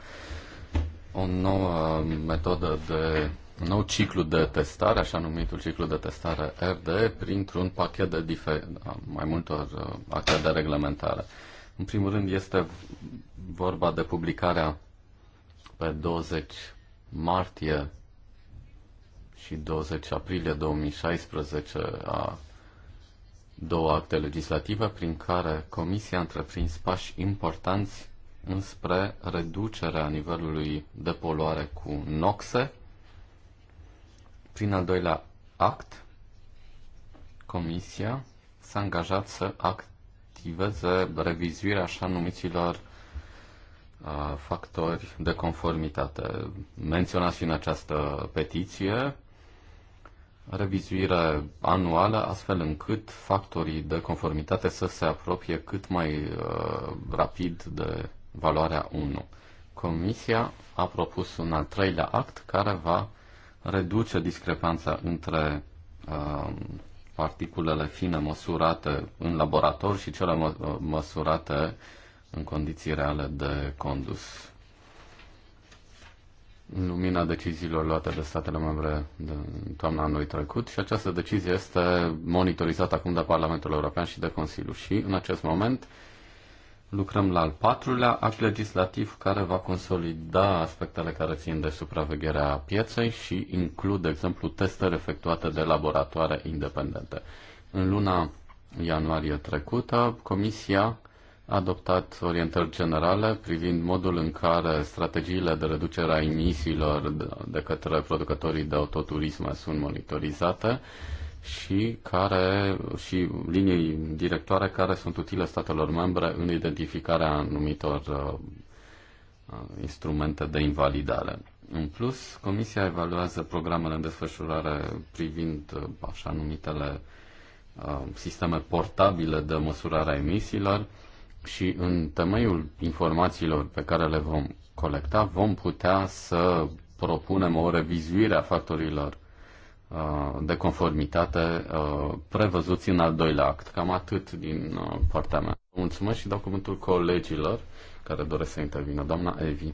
o nouă metodă de un nou ciclu de testare, așa numitul ciclu de testare RD, printr-un pachet de difer- mai multor uh, acte de reglementare. În primul rând este vorba de publicarea pe 20 martie și 20 aprilie 2016 a două acte legislative prin care Comisia a întreprins pași importanți înspre reducerea nivelului de poluare cu noxe. Prin al doilea act, Comisia s-a angajat să activeze revizuirea așa numiților factori de conformitate menționați în această petiție revizuire anuală, astfel încât factorii de conformitate să se apropie cât mai uh, rapid de valoarea 1. Comisia a propus un al treilea act care va reduce discrepanța între uh, particulele fine măsurate în laborator și cele mă, uh, măsurate în condiții reale de condus în lumina deciziilor luate de statele membre de toamna anului trecut și această decizie este monitorizată acum de Parlamentul European și de Consiliu și în acest moment lucrăm la al patrulea act legislativ care va consolida aspectele care țin de supravegherea pieței și includ, de exemplu, testări efectuate de laboratoare independente. În luna ianuarie trecută, Comisia adoptat orientări generale privind modul în care strategiile de reducere a emisiilor de către producătorii de autoturisme sunt monitorizate și care și linii directoare care sunt utile statelor membre în identificarea anumitor uh, uh, instrumente de invalidare. În plus, Comisia evaluează programele în desfășurare privind uh, așa numitele sisteme portabile de măsurare a emisiilor, și în temeiul informațiilor pe care le vom colecta, vom putea să propunem o revizuire a factorilor uh, de conformitate uh, prevăzuți în al doilea act. Cam atât din uh, partea mea. Mulțumesc și dau cuvântul colegilor care doresc să intervină. Doamna Evi.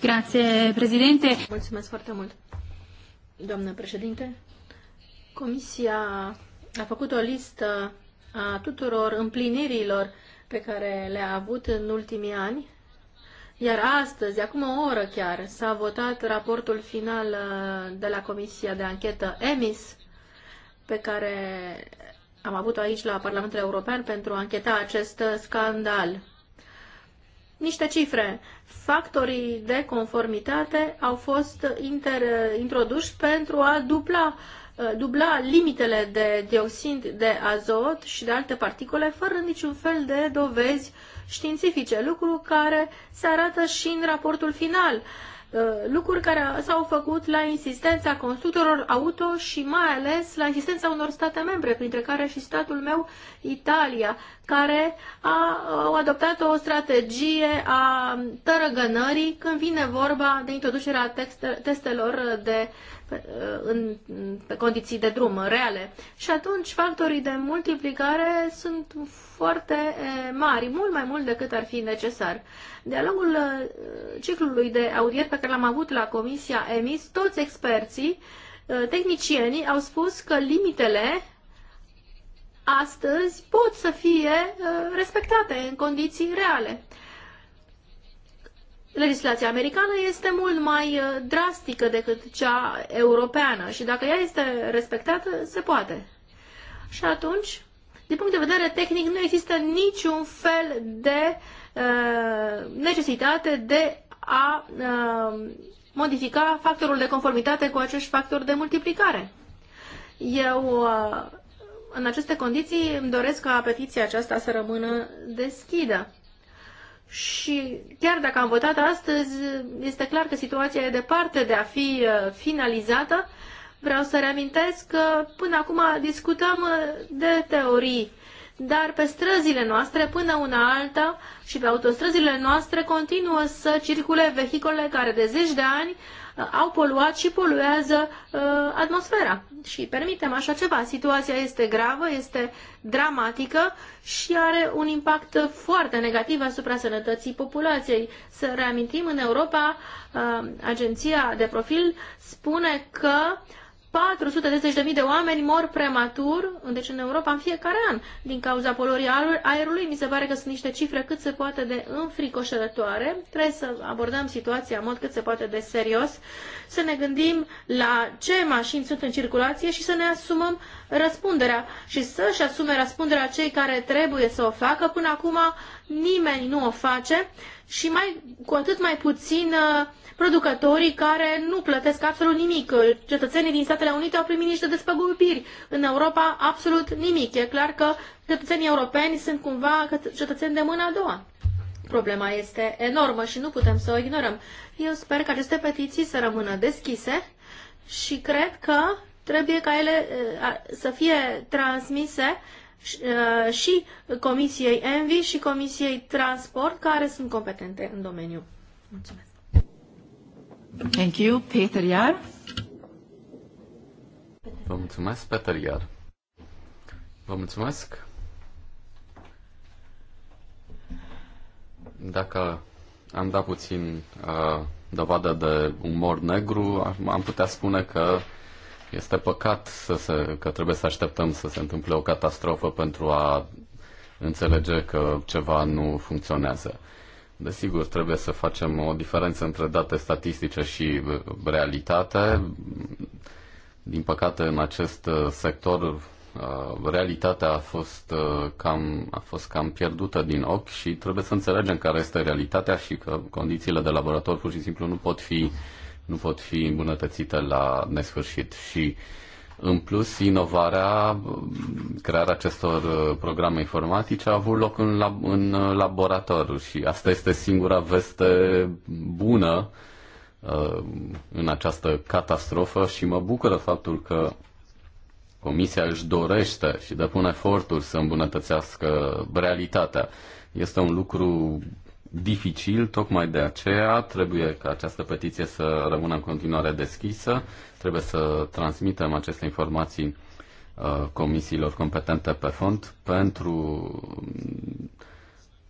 Grație, președinte. Mulțumesc foarte mult, Doamna președinte. Comisia a făcut o listă a tuturor împlinirilor pe care le-a avut în ultimii ani. Iar astăzi, acum o oră chiar, s-a votat raportul final uh, de la Comisia de Anchetă EMIS, pe care am avut-o aici la Parlamentul European pentru a încheta acest scandal. Niște cifre. Factorii de conformitate au fost inter, introduși pentru a dupla uh, Uh, dubla limitele de dioxid de azot și de alte particule fără niciun fel de dovezi științifice, lucru care se arată și în raportul final, uh, lucruri care s-au făcut la insistența constructorilor auto și mai ales la insistența unor state membre, printre care și statul meu, Italia, care a, au adoptat o strategie a tărăgănării când vine vorba de introducerea text, testelor de uh, Uh, în, pe condiții de drum reale. Și atunci factorii de multiplicare sunt foarte eh, mari, mult mai mult decât ar fi necesar. De-a lungul uh, ciclului de audier pe care l-am avut la Comisia EMIS, toți experții, uh, tehnicienii au spus că limitele astăzi pot să fie eh, respectate în condiții reale legislația americană este mult mai uh, drastică decât cea europeană și dacă ea este respectată, se poate. Și atunci, din punct de vedere tehnic, nu există niciun fel de uh, necesitate de a uh, modifica factorul de conformitate cu acești factori de multiplicare. Eu, uh, în aceste condiții, îmi doresc ca petiția aceasta să rămână deschidă și chiar dacă am votat astăzi, este clar că situația e departe de a fi uh, finalizată. Vreau să reamintesc că până acum discutăm uh, de teorii, dar pe străzile noastre, până una alta și pe autostrăzile noastre, continuă să circule vehicole care de zeci de ani Uh, au poluat și poluează uh, atmosfera. Și permitem așa ceva. Situația este gravă, este dramatică și are un impact foarte negativ asupra sănătății populației. Să reamintim, în Europa, uh, agenția de profil spune că 430.000 de oameni mor prematur, deci în Europa, în fiecare an, din cauza polorii aerului. Mi se pare că sunt niște cifre cât se poate de înfricoșătoare. Trebuie să abordăm situația în mod cât se poate de serios, să ne gândim la ce mașini sunt în circulație și să ne asumăm răspunderea și să-și asume răspunderea cei care trebuie să o facă. Până acum nimeni nu o face și mai, cu atât mai puțin uh, producătorii care nu plătesc absolut nimic. Uh, cetățenii din Statele Unite au primit niște despăgubiri. În Europa, absolut nimic. E clar că cetățenii europeni sunt cumva cetățeni de mâna a doua. Problema este enormă și nu putem să o ignorăm. Eu sper că aceste petiții să rămână deschise și cred că trebuie ca ele uh, să fie transmise Uh, și Comisiei Envi și Comisiei Transport, care sunt competente în domeniu. Mulțumesc. Thank you, Peter Iar. Vă mulțumesc, Peter Iar. Vă mulțumesc. Dacă am dat puțin uh, dovadă de umor negru, am putea spune că este păcat să se, că trebuie să așteptăm să se întâmple o catastrofă pentru a înțelege că ceva nu funcționează. Desigur, trebuie să facem o diferență între date statistice și uh, realitate. Din păcate, în acest uh, sector, uh, realitatea a fost, cam, a fost cam pierdută din ochi și trebuie să înțelegem care este realitatea și că condițiile de laborator pur și simplu nu pot fi nu pot fi îmbunătățite la nesfârșit și în plus, inovarea, crearea acestor uh, programe informatice a avut loc în, lab, în uh, laborator și asta este singura veste bună uh, în această catastrofă și mă bucură faptul că Comisia își dorește și depune eforturi să îmbunătățească realitatea. Este un lucru dificil, tocmai de aceea trebuie ca această petiție să rămână în continuare deschisă, trebuie să transmitem aceste informații uh, comisiilor competente pe fond pentru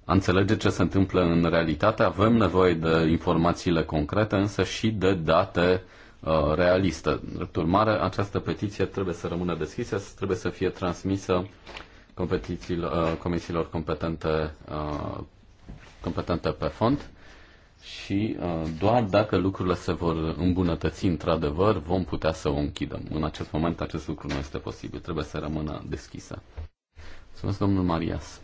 a înțelege ce se întâmplă în realitate. Avem nevoie de informațiile concrete, însă și de date uh, realistă. Drept urmare, această petiție trebuie să rămână deschisă, trebuie să fie transmisă uh, comisiilor competente competentă pe fond și uh, doar dacă lucrurile se vor îmbunătăți într-adevăr, vom putea să o închidem. În acest moment acest lucru nu este posibil, trebuie să rămână deschisă. Mulțumesc, domnul Marias.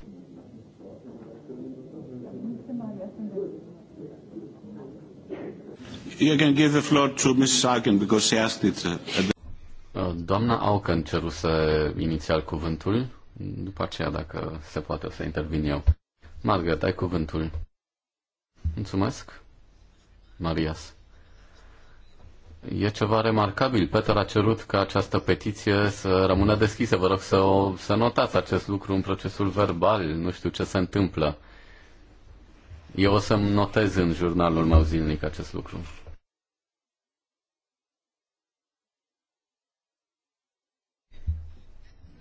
You can give the floor to Mrs. Arkin because she asked it. Uh, uh, doamna Auken ceruse inițial cuvântul, după aceea dacă se poate o să intervin eu. Margaret, dai cuvântul. Mulțumesc. Marias. E ceva remarcabil. Peter a cerut ca această petiție să rămână deschisă. Vă rog să, o, să notați acest lucru în procesul verbal. Nu știu ce se întâmplă. Eu o să-mi notez în jurnalul meu zilnic acest lucru.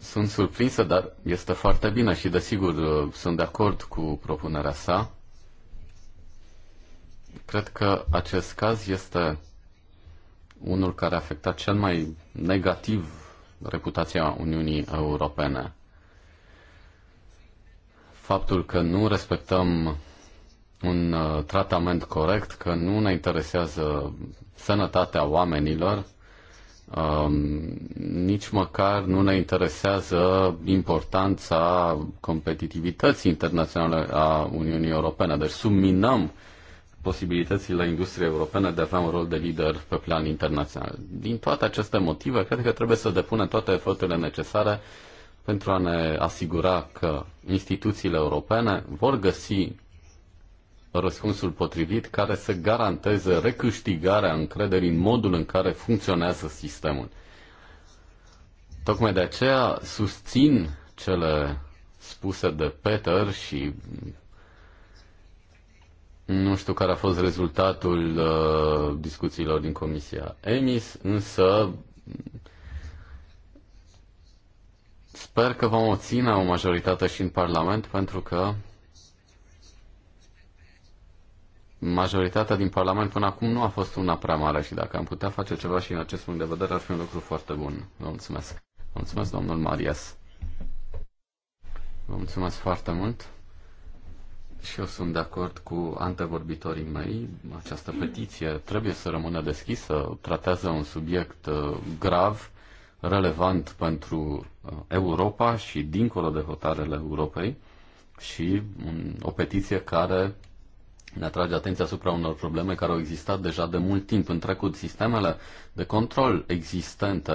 Sunt surprinsă, dar este foarte bine și, desigur, uh, sunt de acord cu propunerea sa. Cred că acest caz este unul care a afectat cel mai negativ reputația Uniunii Europene. Faptul că nu respectăm un uh, tratament corect, că nu ne interesează sănătatea oamenilor, Um, nici măcar nu ne interesează importanța competitivității internaționale a Uniunii Europene. Deci subminăm posibilitățile industriei europene de a avea un rol de lider pe plan internațional. Din toate aceste motive, cred că trebuie să depunem toate eforturile necesare pentru a ne asigura că instituțiile europene vor găsi răspunsul potrivit care să garanteze recâștigarea încrederii în modul în care funcționează sistemul. Tocmai de aceea susțin cele spuse de Peter și nu știu care a fost rezultatul uh, discuțiilor din Comisia EMIS, însă sper că vom obține o majoritate și în Parlament pentru că majoritatea din Parlament până acum nu a fost una prea mare și dacă am putea face ceva și în acest punct de vedere ar fi un lucru foarte bun. Vă mulțumesc. Vă mulțumesc, domnul Marias. Vă mulțumesc foarte mult. Și eu sunt de acord cu antevorbitorii mei. Această petiție trebuie să rămână deschisă. Tratează un subiect uh, grav, relevant pentru uh, Europa și dincolo de hotarele Europei și o petiție care ne atrage atenția asupra unor probleme care au existat deja de mult timp în trecut. Sistemele de control existente,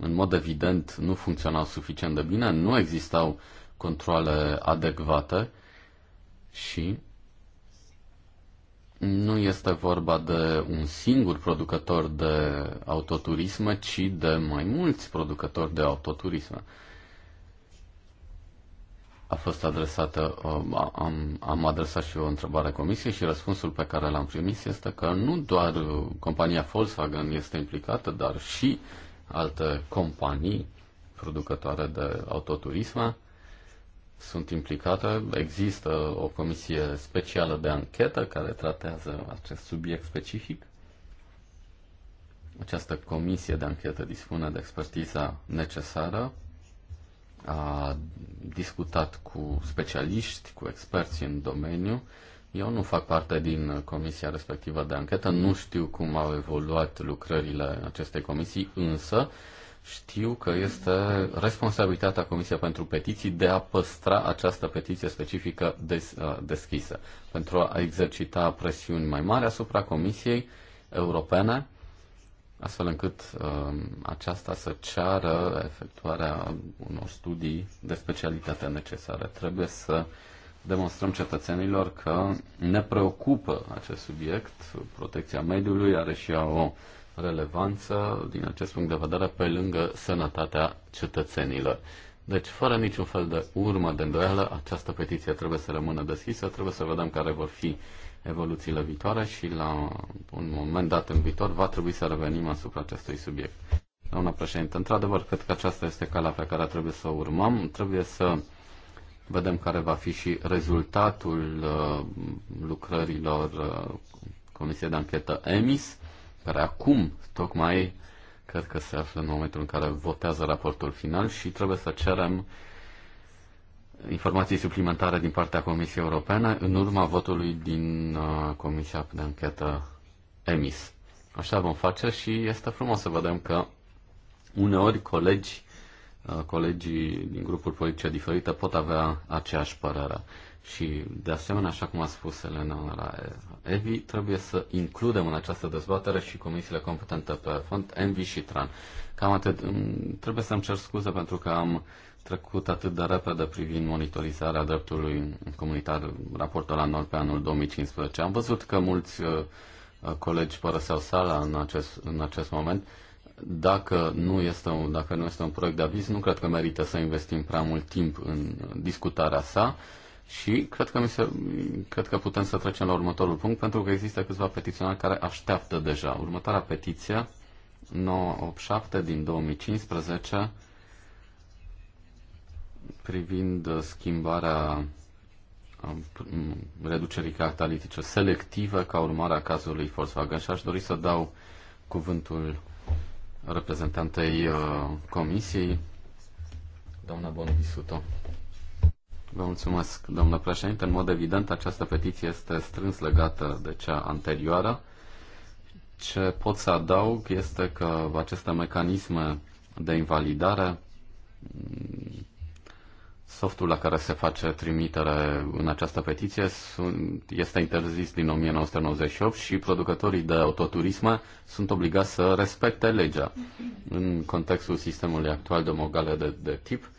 în mod evident, nu funcționau suficient de bine, nu existau controle adecvate și nu este vorba de un singur producător de autoturisme, ci de mai mulți producători de autoturisme a fost adresată, uh, am, am adresat și o întrebare comisiei și răspunsul pe care l-am primit este că nu doar compania Volkswagen este implicată, dar și alte companii producătoare de autoturisme sunt implicate. Există o comisie specială de anchetă care tratează acest subiect specific. Această comisie de anchetă dispune de expertiza necesară a discutat cu specialiști, cu experți în domeniu. Eu nu fac parte din comisia respectivă de anchetă, nu știu cum au evoluat lucrările acestei comisii, însă știu că este responsabilitatea Comisiei pentru Petiții de a păstra această petiție specifică des, deschisă, pentru a exercita presiuni mai mari asupra Comisiei Europene astfel încât uh, aceasta să ceară efectuarea unor studii de specialitate necesare. Trebuie să demonstrăm cetățenilor că ne preocupă acest subiect, protecția mediului are și ea o relevanță din acest punct de vedere pe lângă sănătatea cetățenilor. Deci, fără niciun fel de urmă de îndoială, această petiție trebuie să rămână deschisă, trebuie să vedem care vor fi evoluțiile viitoare și la un moment dat în viitor va trebui să revenim asupra acestui subiect. Doamna președinte, într-adevăr, cred că aceasta este calea pe care trebuie să o urmăm. Trebuie să vedem care va fi și rezultatul uh, lucrărilor uh, Comisiei de Anchetă EMIS, care acum tocmai cred că se află în momentul în care votează raportul final și trebuie să cerem uh, informații suplimentare din partea Comisiei Europene în urma votului din uh, Comisia de Anchetă emis. Așa vom face și este frumos să vedem că uneori colegi, uh, colegii din grupuri politice diferite pot avea aceeași părere. Și, de asemenea, așa cum a spus Elena la Evi, trebuie să includem în această dezbatere și comisiile competente pe fond, Envi și Tran. Cam atât. Trebuie să-mi cer scuze pentru că am trecut atât de repede privind monitorizarea dreptului comunitar, raportul anual pe anul 2015. Am văzut că mulți uh, uh, colegi părăseau sala în acest, în acest moment. Dacă nu, este un, dacă nu este un proiect de aviz, nu cred că merită să investim prea mult timp în discutarea sa și cred că, mi se, cred că putem să trecem la următorul punct, pentru că există câțiva petiționari care așteaptă deja. Următoarea petiție, 987 din 2015, privind uh, schimbarea um, reducerii catalitice selective ca urmare a cazului Volkswagen și aș dori să dau cuvântul reprezentantei uh, comisiei, doamna Bonvisuto. Vă mulțumesc, domnule președinte. În mod evident, această petiție este strâns legată de cea anterioară. Ce pot să adaug este că aceste mecanisme de invalidare Softul la care se face trimitere în această petiție sunt, este interzis din 1998 și producătorii de autoturisme sunt obligați să respecte legea. În contextul sistemului actual de omogale de, de tip,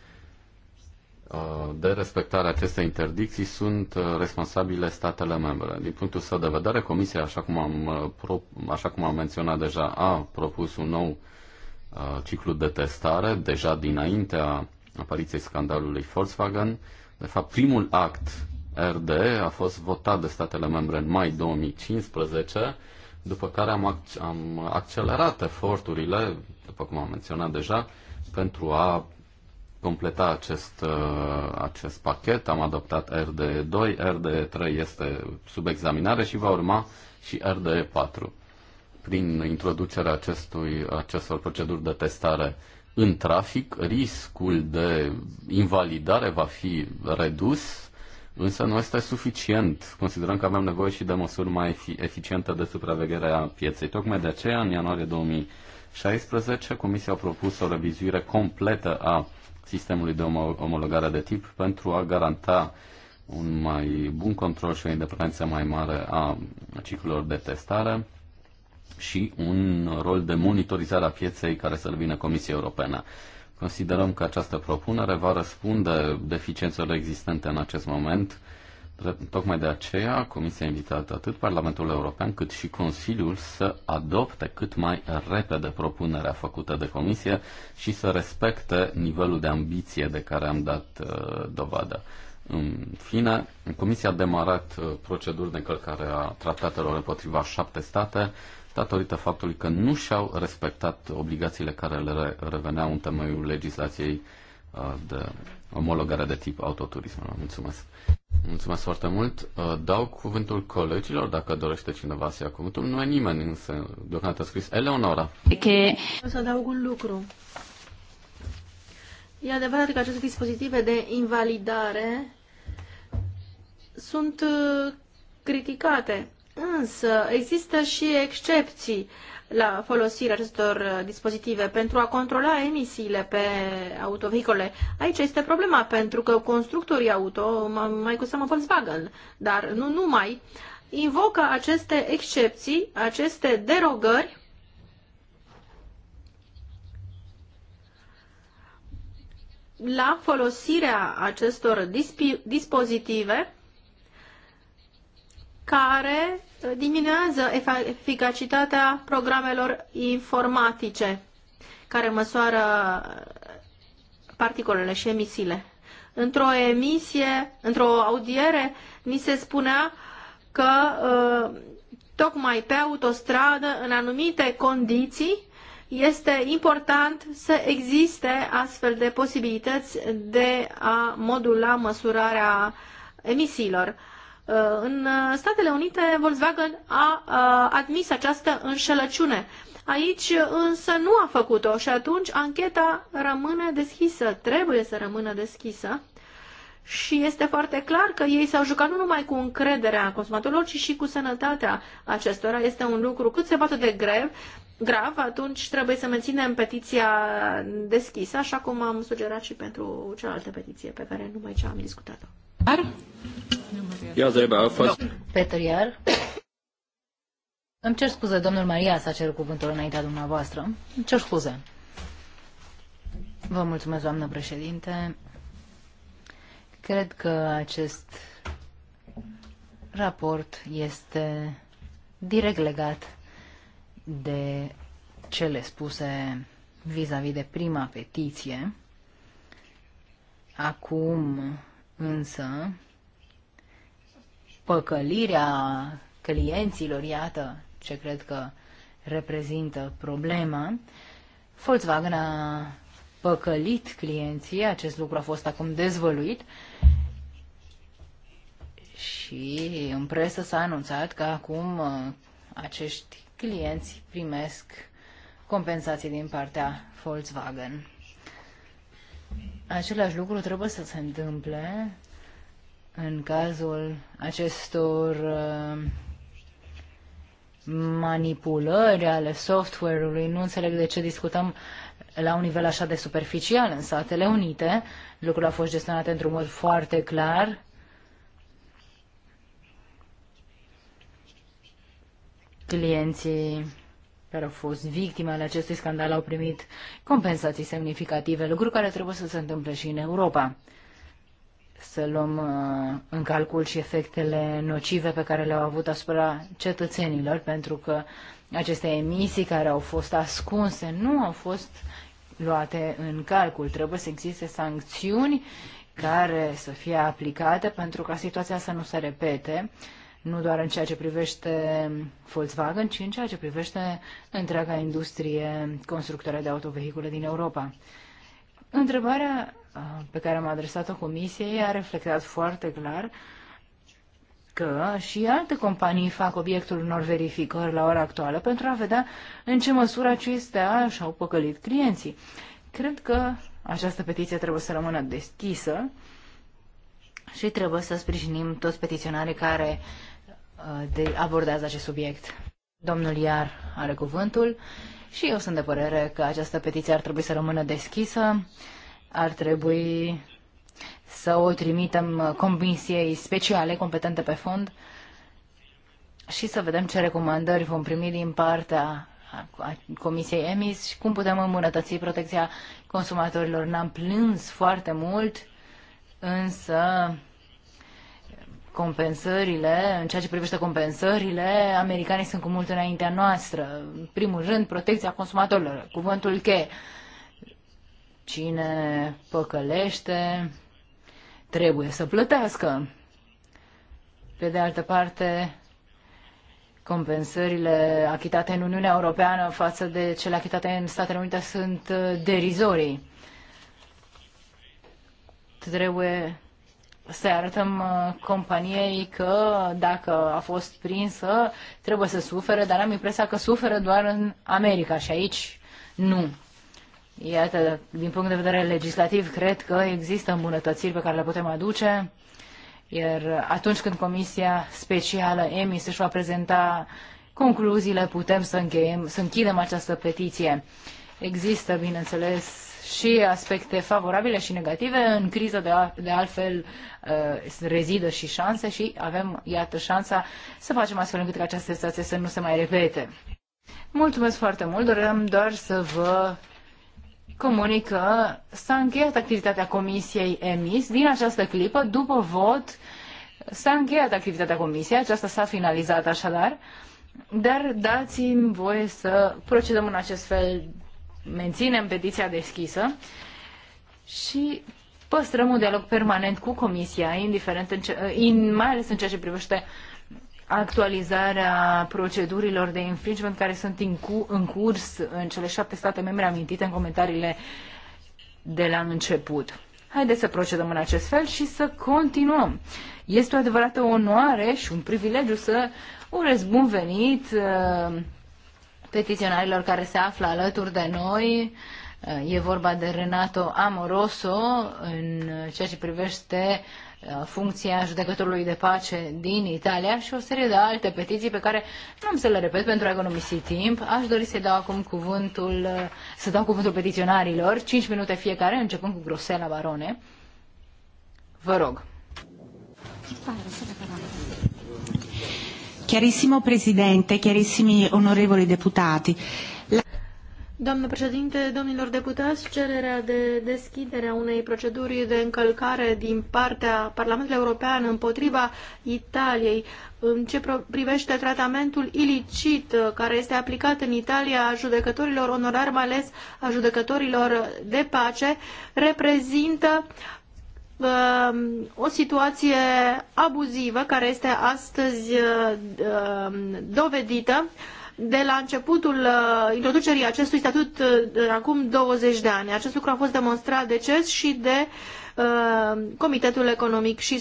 uh, de respectarea acestei interdicții sunt uh, responsabile statele membre. Din punctul său de vedere, Comisia, așa cum am, uh, așa cum am menționat deja, a propus un nou ciclu de testare deja dinaintea apariției scandalului Volkswagen, de fapt primul act RD a fost votat de statele membre în mai 2015, după care am, ac- am accelerat eforturile, după cum am menționat deja, pentru a completa acest, uh, acest pachet. Am adoptat RDE2, RDE3 este sub examinare și va urma și RDE4. Prin introducerea acestui, acestor proceduri de testare în trafic, riscul de invalidare va fi redus, însă nu este suficient. Considerăm că avem nevoie și de măsuri mai eficiente de supraveghere a pieței. Tocmai de aceea, în ianuarie 2016, Comisia a propus o revizuire completă a sistemului de omologare de tip pentru a garanta un mai bun control și o independență mai mare a ciclurilor de testare și un rol de monitorizare a pieței care să revină Comisiei Europene. Considerăm că această propunere va răspunde deficiențelor existente în acest moment. Tocmai de aceea, Comisia a invitat atât Parlamentul European cât și Consiliul să adopte cât mai repede propunerea făcută de Comisie și să respecte nivelul de ambiție de care am dat uh, dovadă. În fine, Comisia a demarat uh, proceduri de încălcare a tratatelor împotriva șapte state, datorită faptului că nu și-au respectat obligațiile care le reveneau în temeiul legislației uh, de omologare de tip autoturism. Mulțumesc! Mulțumesc foarte mult! Uh, dau cuvântul colegilor, dacă dorește cineva să ia cuvântul. Nu e nimeni însă deocamdată a scris. Eleonora! Că... O să adaug un lucru. E adevărat că aceste dispozitive de invalidare sunt uh, criticate Însă există și excepții la folosirea acestor uh, dispozitive pentru a controla emisiile pe autovehicole. Aici este problema, pentru că constructorii auto, mai cu seamă Volkswagen, dar nu numai, invocă aceste excepții, aceste derogări la folosirea acestor dispozitive care uh, diminuează eficacitatea programelor informatice care măsoară particolele și emisiile. Într-o emisie, într-o audiere, ni se spunea că uh, tocmai pe autostradă, în anumite condiții, este important să existe astfel de posibilități de a modula măsurarea emisiilor. Uh, în uh, Statele Unite, Volkswagen a uh, admis această înșelăciune. Aici însă nu a făcut-o și atunci ancheta rămâne deschisă, trebuie să rămână deschisă. Și este foarte clar că ei s-au jucat nu numai cu încrederea consumatorilor, ci și cu sănătatea acestora. Este un lucru cât se poate de grev, grav, atunci trebuie să menținem petiția deschisă, așa cum am sugerat și pentru cealaltă petiție pe care numai ce am discutat-o. Ia selber auch Peter Iar. Îmi cer scuze, domnul Maria s-a cerut cuvântul înaintea dumneavoastră. Îmi cer scuze. Vă mulțumesc, doamnă președinte. Cred că acest raport este direct legat de cele spuse vis-a-vis -vis de prima petiție. Acum Însă, păcălirea clienților, iată ce cred că reprezintă problema, Volkswagen a păcălit clienții, acest lucru a fost acum dezvăluit și în presă s-a anunțat că acum uh, acești clienți primesc compensații din partea Volkswagen. Același lucru trebuie să se întâmple în cazul acestor uh, manipulări ale software-ului. Nu înțeleg de ce discutăm la un nivel așa de superficial în Statele Unite. lucrul a fost gestionat într-un mod foarte clar. Clienții care au fost victime ale acestui scandal au primit compensații semnificative, lucru care trebuie să se întâmple și în Europa. Să luăm uh, în calcul și efectele nocive pe care le-au avut asupra cetățenilor, pentru că aceste emisii care au fost ascunse nu au fost luate în calcul. Trebuie să existe sancțiuni care să fie aplicate pentru ca situația să nu se repete. Uh, nu doar în ceea ce privește Volkswagen, ci în ceea ce privește întreaga industrie constructoare de autovehicule din Europa. Întrebarea uh, pe care am adresat-o comisiei a reflectat foarte clar că și alte companii fac obiectul unor verificări la ora actuală pentru a vedea în ce măsură acestea și-au păcălit clienții. Cred că această petiție trebuie să rămână deschisă și trebuie să sprijinim toți petiționarii care de, abordează acest subiect. Domnul Iar are cuvântul și eu sunt de părere că această petiție ar trebui să rămână deschisă, ar trebui să o trimitem comisiei speciale competente pe fond și să vedem ce recomandări vom primi din partea Comisiei EMIS și cum putem îmbunătăți protecția consumatorilor. N-am plâns foarte mult, însă compensările, în ceea ce privește compensările, americanii sunt cu mult înaintea noastră. În primul rând, protecția consumatorilor, cuvântul cheie. Cine păcălește, trebuie să plătească. Pe de altă parte, compensările achitate în Uniunea Europeană față de cele achitate în Statele Unite sunt uh, derizorii. Trebuie să arătăm uh, companiei că dacă a fost prinsă, trebuie să sufere, dar am impresia că suferă doar în America și aici nu. Iată, din punct de vedere legislativ, cred că există îmbunătățiri pe care le putem aduce, iar atunci când Comisia Specială EMIS își va prezenta concluziile, putem să încheiem, să închidem această petiție. Există, bineînțeles, și aspecte favorabile și negative. În criză, de, de altfel, uh, rezidă și șanse și avem, iată, șansa să facem astfel încât ca această situație să nu se mai repete. Mulțumesc foarte mult, doream doar să vă comunic că s-a încheiat activitatea Comisiei EMIS din această clipă, după vot, s-a încheiat activitatea Comisiei, aceasta s-a finalizat așadar, dar dați-mi voie să procedăm în acest fel menținem petiția deschisă și păstrăm un dialog permanent cu Comisia, indiferent în ce, in, mai ales în ceea ce privește actualizarea procedurilor de infringement care sunt în, cu, în curs în cele șapte state membre amintite în comentariile de la început. Haideți să procedăm în acest fel și să continuăm. Este o adevărată onoare și un privilegiu să urez bun venit uh, petiționarilor care se află alături de noi. E vorba de Renato Amoroso în ceea ce privește uh, funcția judecătorului de pace din Italia și o serie de alte petiții pe care nu am să le repet pentru a economisi timp. Aș dori să dau acum cuvântul, uh, să dau cuvântul petiționarilor, 5 minute fiecare, începând cu Grosela Barone. Vă rog. Chiarissimo Presidente, chiarissimi onorevoli deputati. La... Doamnă președinte, domnilor deputați, cererea de deschidere a unei proceduri de încălcare din partea Parlamentului European împotriva Italiei în ce privește tratamentul ilicit uh, care este aplicat în Italia a judecătorilor onorari, mai ales a judecătorilor de pace, reprezintă Um, o situație abuzivă care este astăzi um, dovedită de la începutul uh, introducerii acestui statut uh, acum 20 de ani. Acest lucru a fost demonstrat de CES și de um, Comitetul Economic și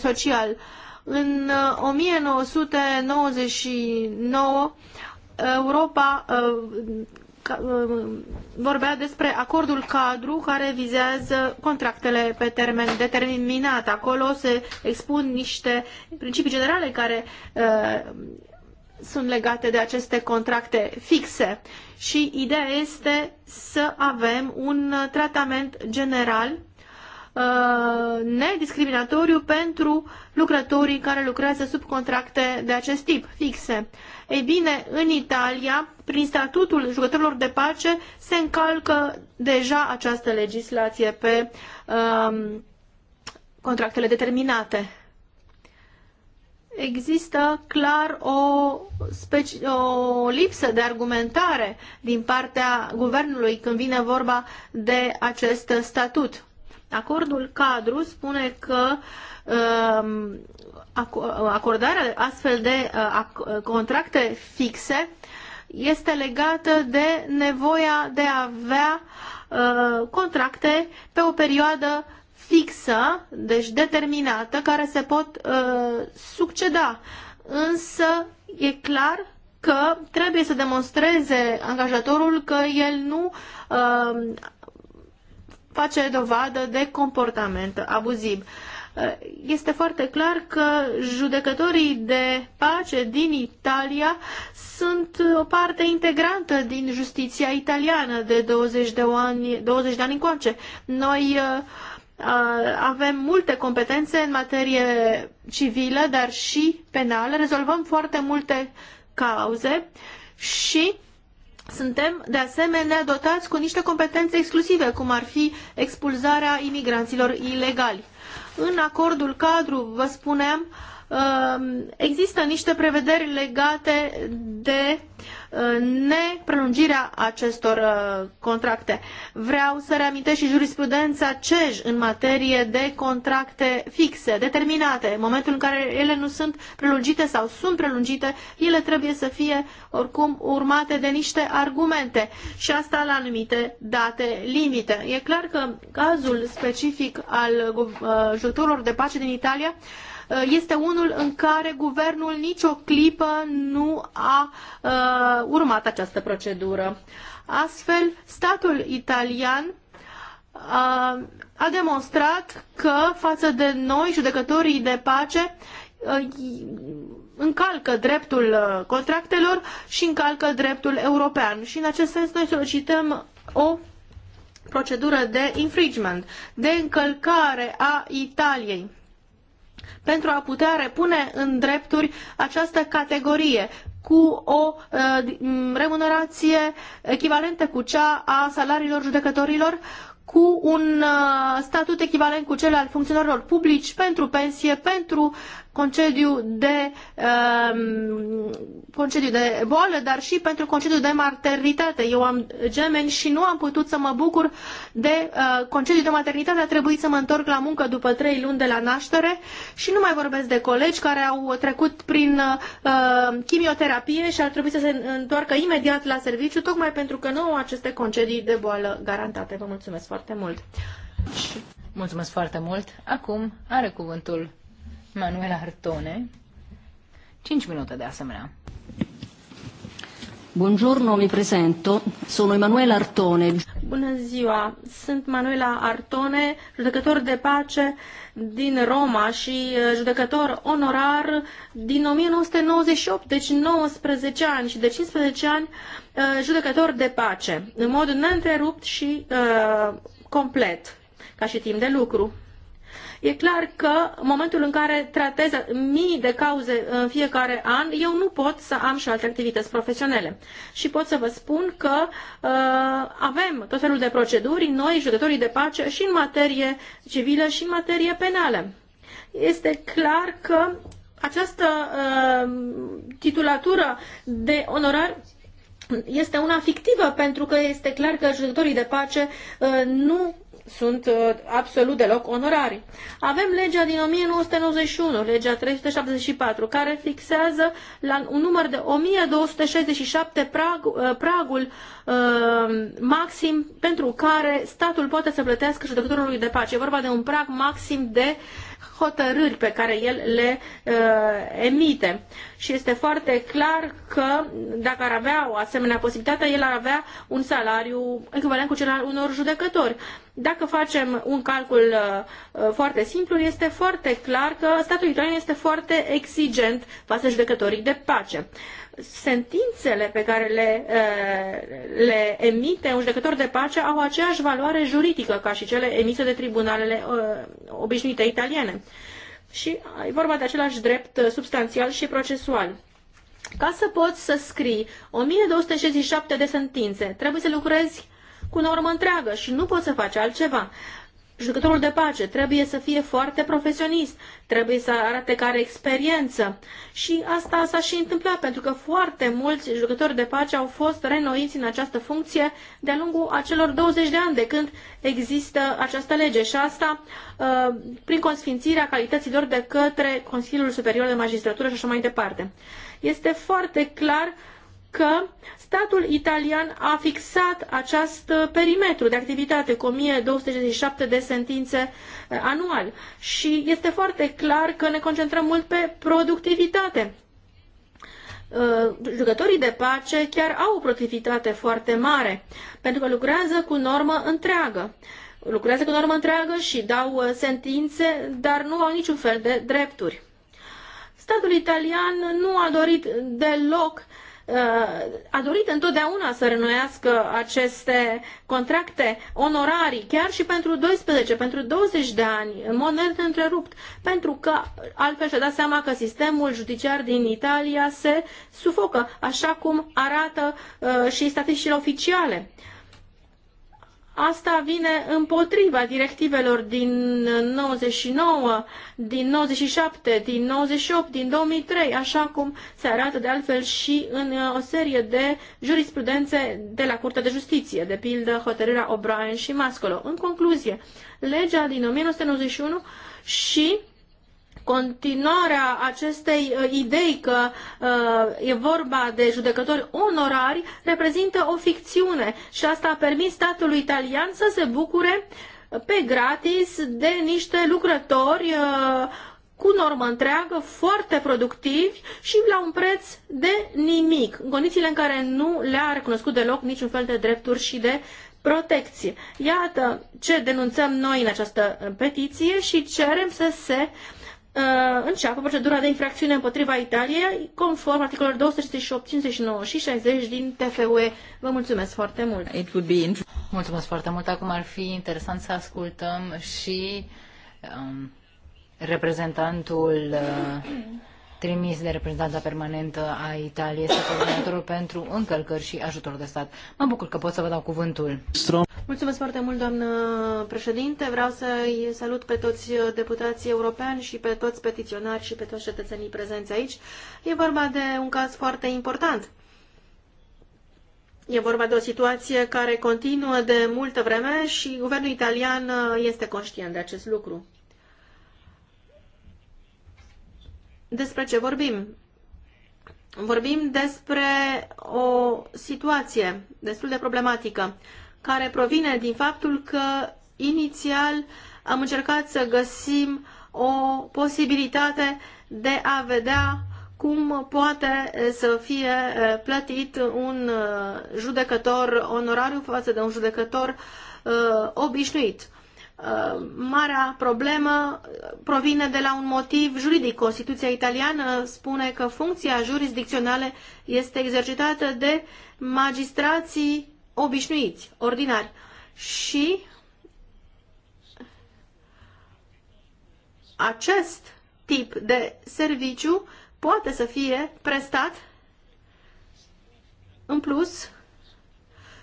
Social. În 1999 uh, Europa Uh, vorbea despre acordul cadru care vizează contractele pe termen determinat. Acolo se expun niște principii generale care uh, sunt legate de aceste contracte fixe și ideea este să avem un tratament general uh, nediscriminatoriu pentru lucrătorii care lucrează sub contracte de acest tip fixe. Ei bine, în Italia, prin statutul jucătorilor de pace, se încalcă deja această legislație pe um, contractele determinate. Există clar o, o lipsă de argumentare din partea guvernului când vine vorba de acest statut. Acordul cadru spune că um, acordarea astfel de uh, uh, contracte fixe este legată de nevoia de a avea uh, contracte pe o perioadă fixă, deci determinată, care se pot succeda. Însă e clar că trebuie să demonstreze angajatorul că el nu face dovadă de comportament abuziv este foarte clar că judecătorii de pace din Italia sunt o parte integrantă din justiția italiană de 20 de ani, 20 de ani încoace. Noi uh, uh, avem multe competențe în materie civilă, dar și penală, rezolvăm foarte multe cauze și suntem, de asemenea, dotați cu niște competențe exclusive, cum ar fi expulzarea imigranților ilegali. În acordul cadru, vă spuneam, uh, există niște prevederi legate de uh, neprelungirea acestor uh, contracte. Vreau să reamintesc și jurisprudența CEJ în materie de contracte fixe, determinate. În momentul în care ele nu sunt prelungite sau sunt prelungite, ele trebuie să fie oricum urmate de niște argumente și asta la anumite date limite. E clar că cazul specific al uh, jucătorilor de pace din Italia Eh, este unul în care guvernul nicio clipă nu a uh, urmat această procedură. Astfel, statul italian uh, a demonstrat că față de noi, judecătorii de pace, uh, încalcă dreptul contractelor și încalcă dreptul european. Și în acest sens noi solicităm o procedură de infringement, de încălcare a Italiei pentru a putea repune în drepturi această categorie cu o uh, remunerație echivalentă cu cea a salariilor judecătorilor, cu un uh, statut echivalent cu cel al funcționarilor publici pentru pensie, pentru concediu de, um, concediu de boală, dar și pentru concediu de maternitate. Eu am gemeni și nu am putut să mă bucur de uh, concediu de maternitate, a trebuit să mă întorc la muncă după trei luni de la naștere și nu mai vorbesc de colegi care au trecut prin uh, chimioterapie și ar trebui să se întoarcă imediat la serviciu, tocmai pentru că nu au aceste concedii de boală garantate. Vă mulțumesc foarte mult! Mulțumesc foarte mult! Acum are cuvântul Manuela Artone. 5 minute de asemenea. Buongiorno, mi presento. Sono Emanuela Artone. Bună ziua, sunt Manuela Artone, judecător de pace din Roma și uh, judecător onorar din 1998, deci 19 ani și de 15 ani uh, judecător de pace, în mod neîntrerupt și uh, complet, ca și timp de lucru. E clar că în momentul în care tratez mii de cauze în fiecare an, eu nu pot să am și alte activități profesionale. Și pot să vă spun că uh, avem tot felul de proceduri, noi, judecătorii de pace, și în materie civilă și în materie penală. Este clar că această uh, titulatură de onorar este una fictivă, pentru că este clar că judecătorii de pace uh, nu sunt uh, absolut deloc onorari. Avem legea din 1991, legea 374, care fixează la un număr de 1267 prag, uh, pragul uh, maxim pentru care statul poate să plătească judecătorului de pace. E vorba de un prag maxim de hotărâri pe care el le uh, emite și este foarte clar că dacă ar avea o asemenea posibilitate, el ar avea un salariu echivalent cu cel al unor judecători. Dacă facem un calcul uh, uh, foarte simplu, este foarte clar că statul italian este foarte exigent față judecătorii de pace sentințele pe care le, uh, le emite un judecător de pace au aceeași valoare juridică ca și cele emise de tribunalele obișnuite italiene și e vorba de același drept uh, substanțial și procesual. Ca să poți să scrii 1267 de sentințe, trebuie să lucrezi cu normă întreagă și nu poți să faci altceva. Jucătorul de pace trebuie să fie foarte profesionist, trebuie să arate care experiență. Și asta s-a și întâmplat, pentru că foarte mulți jucători de pace au fost renoiți în această funcție de-a lungul acelor 20 de ani de când există această lege. Și asta uh, prin consfințirea calităților de către Consiliul Superior de Magistratură și așa mai departe. Este foarte clar că statul italian a fixat acest perimetru de activitate cu 1267 de sentințe uh, anual și este foarte clar că ne concentrăm mult pe productivitate. Uh, jucătorii de pace chiar au o productivitate foarte mare pentru că lucrează cu normă întreagă. Lucrează cu normă întreagă și dau uh, sentințe, dar nu au niciun fel de drepturi. Statul italian nu a dorit deloc Uh, a dorit întotdeauna să renoiască aceste contracte onorarii, chiar și pentru 12, pentru 20 de ani, în mod neîntrerupt, pentru că altfel și-a dat seama că sistemul judiciar din Italia se sufocă, așa cum arată uh, și statisticile oficiale. Uh, Asta vine împotriva directivelor din 99, din 97, din 98, din 2003, așa cum se arată de altfel și în uh, o serie de jurisprudențe de la Curtea de Justiție, de pildă hotărârea O'Brien și Mascolo. În concluzie, legea din 1991 și continuarea acestei uh, idei că uh, e vorba de judecători onorari reprezintă o ficțiune și asta a permis statului italian să se bucure uh, pe gratis de niște lucrători cu normă întreagă, foarte productivi și la un preț de nimic, în condițiile în care nu le-a recunoscut deloc niciun fel de drepturi și de protecție. Iată ce denunțăm noi în această petiție și cerem să se Uh, înceapă procedura de infracțiune împotriva Italiei, conform articolelor 268, 59 și 60 din TFUE. Vă mulțumesc foarte mult! It would be mulțumesc foarte mult! Acum ar fi interesant să ascultăm și um, reprezentantul uh, trimis de reprezentanța permanentă a Italiei este coordonatorul pentru încălcări și ajutorul de stat. Mă bucur că pot să vă dau cuvântul. Mulțumesc foarte mult, doamnă președinte. Vreau să-i salut pe toți deputații europeni și pe toți petiționari și pe toți cetățenii prezenți aici. E vorba de un caz foarte important. E vorba de o situație care continuă de multă vreme și guvernul italian este conștient de acest lucru. despre ce vorbim. Vorbim despre o situație destul de problematică, care provine din faptul că inițial am încercat să găsim o posibilitate de a vedea cum poate eh, să fie eh, plătit un eh, judecător onorariu față de un judecător uh, obișnuit. Uh, marea problemă provine de la un motiv juridic. Constituția italiană spune că funcția jurisdicțională este exercitată de magistrații obișnuiți, ordinari. Și acest tip de serviciu poate să fie prestat în plus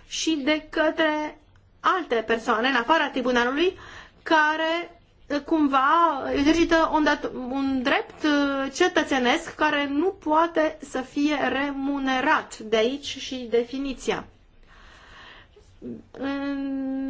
și de către alte persoane, în afara tribunalului, care eh, cumva exercită un, dat, un drept eh, cetățenesc care nu poate să fie remunerat. De aici și definiția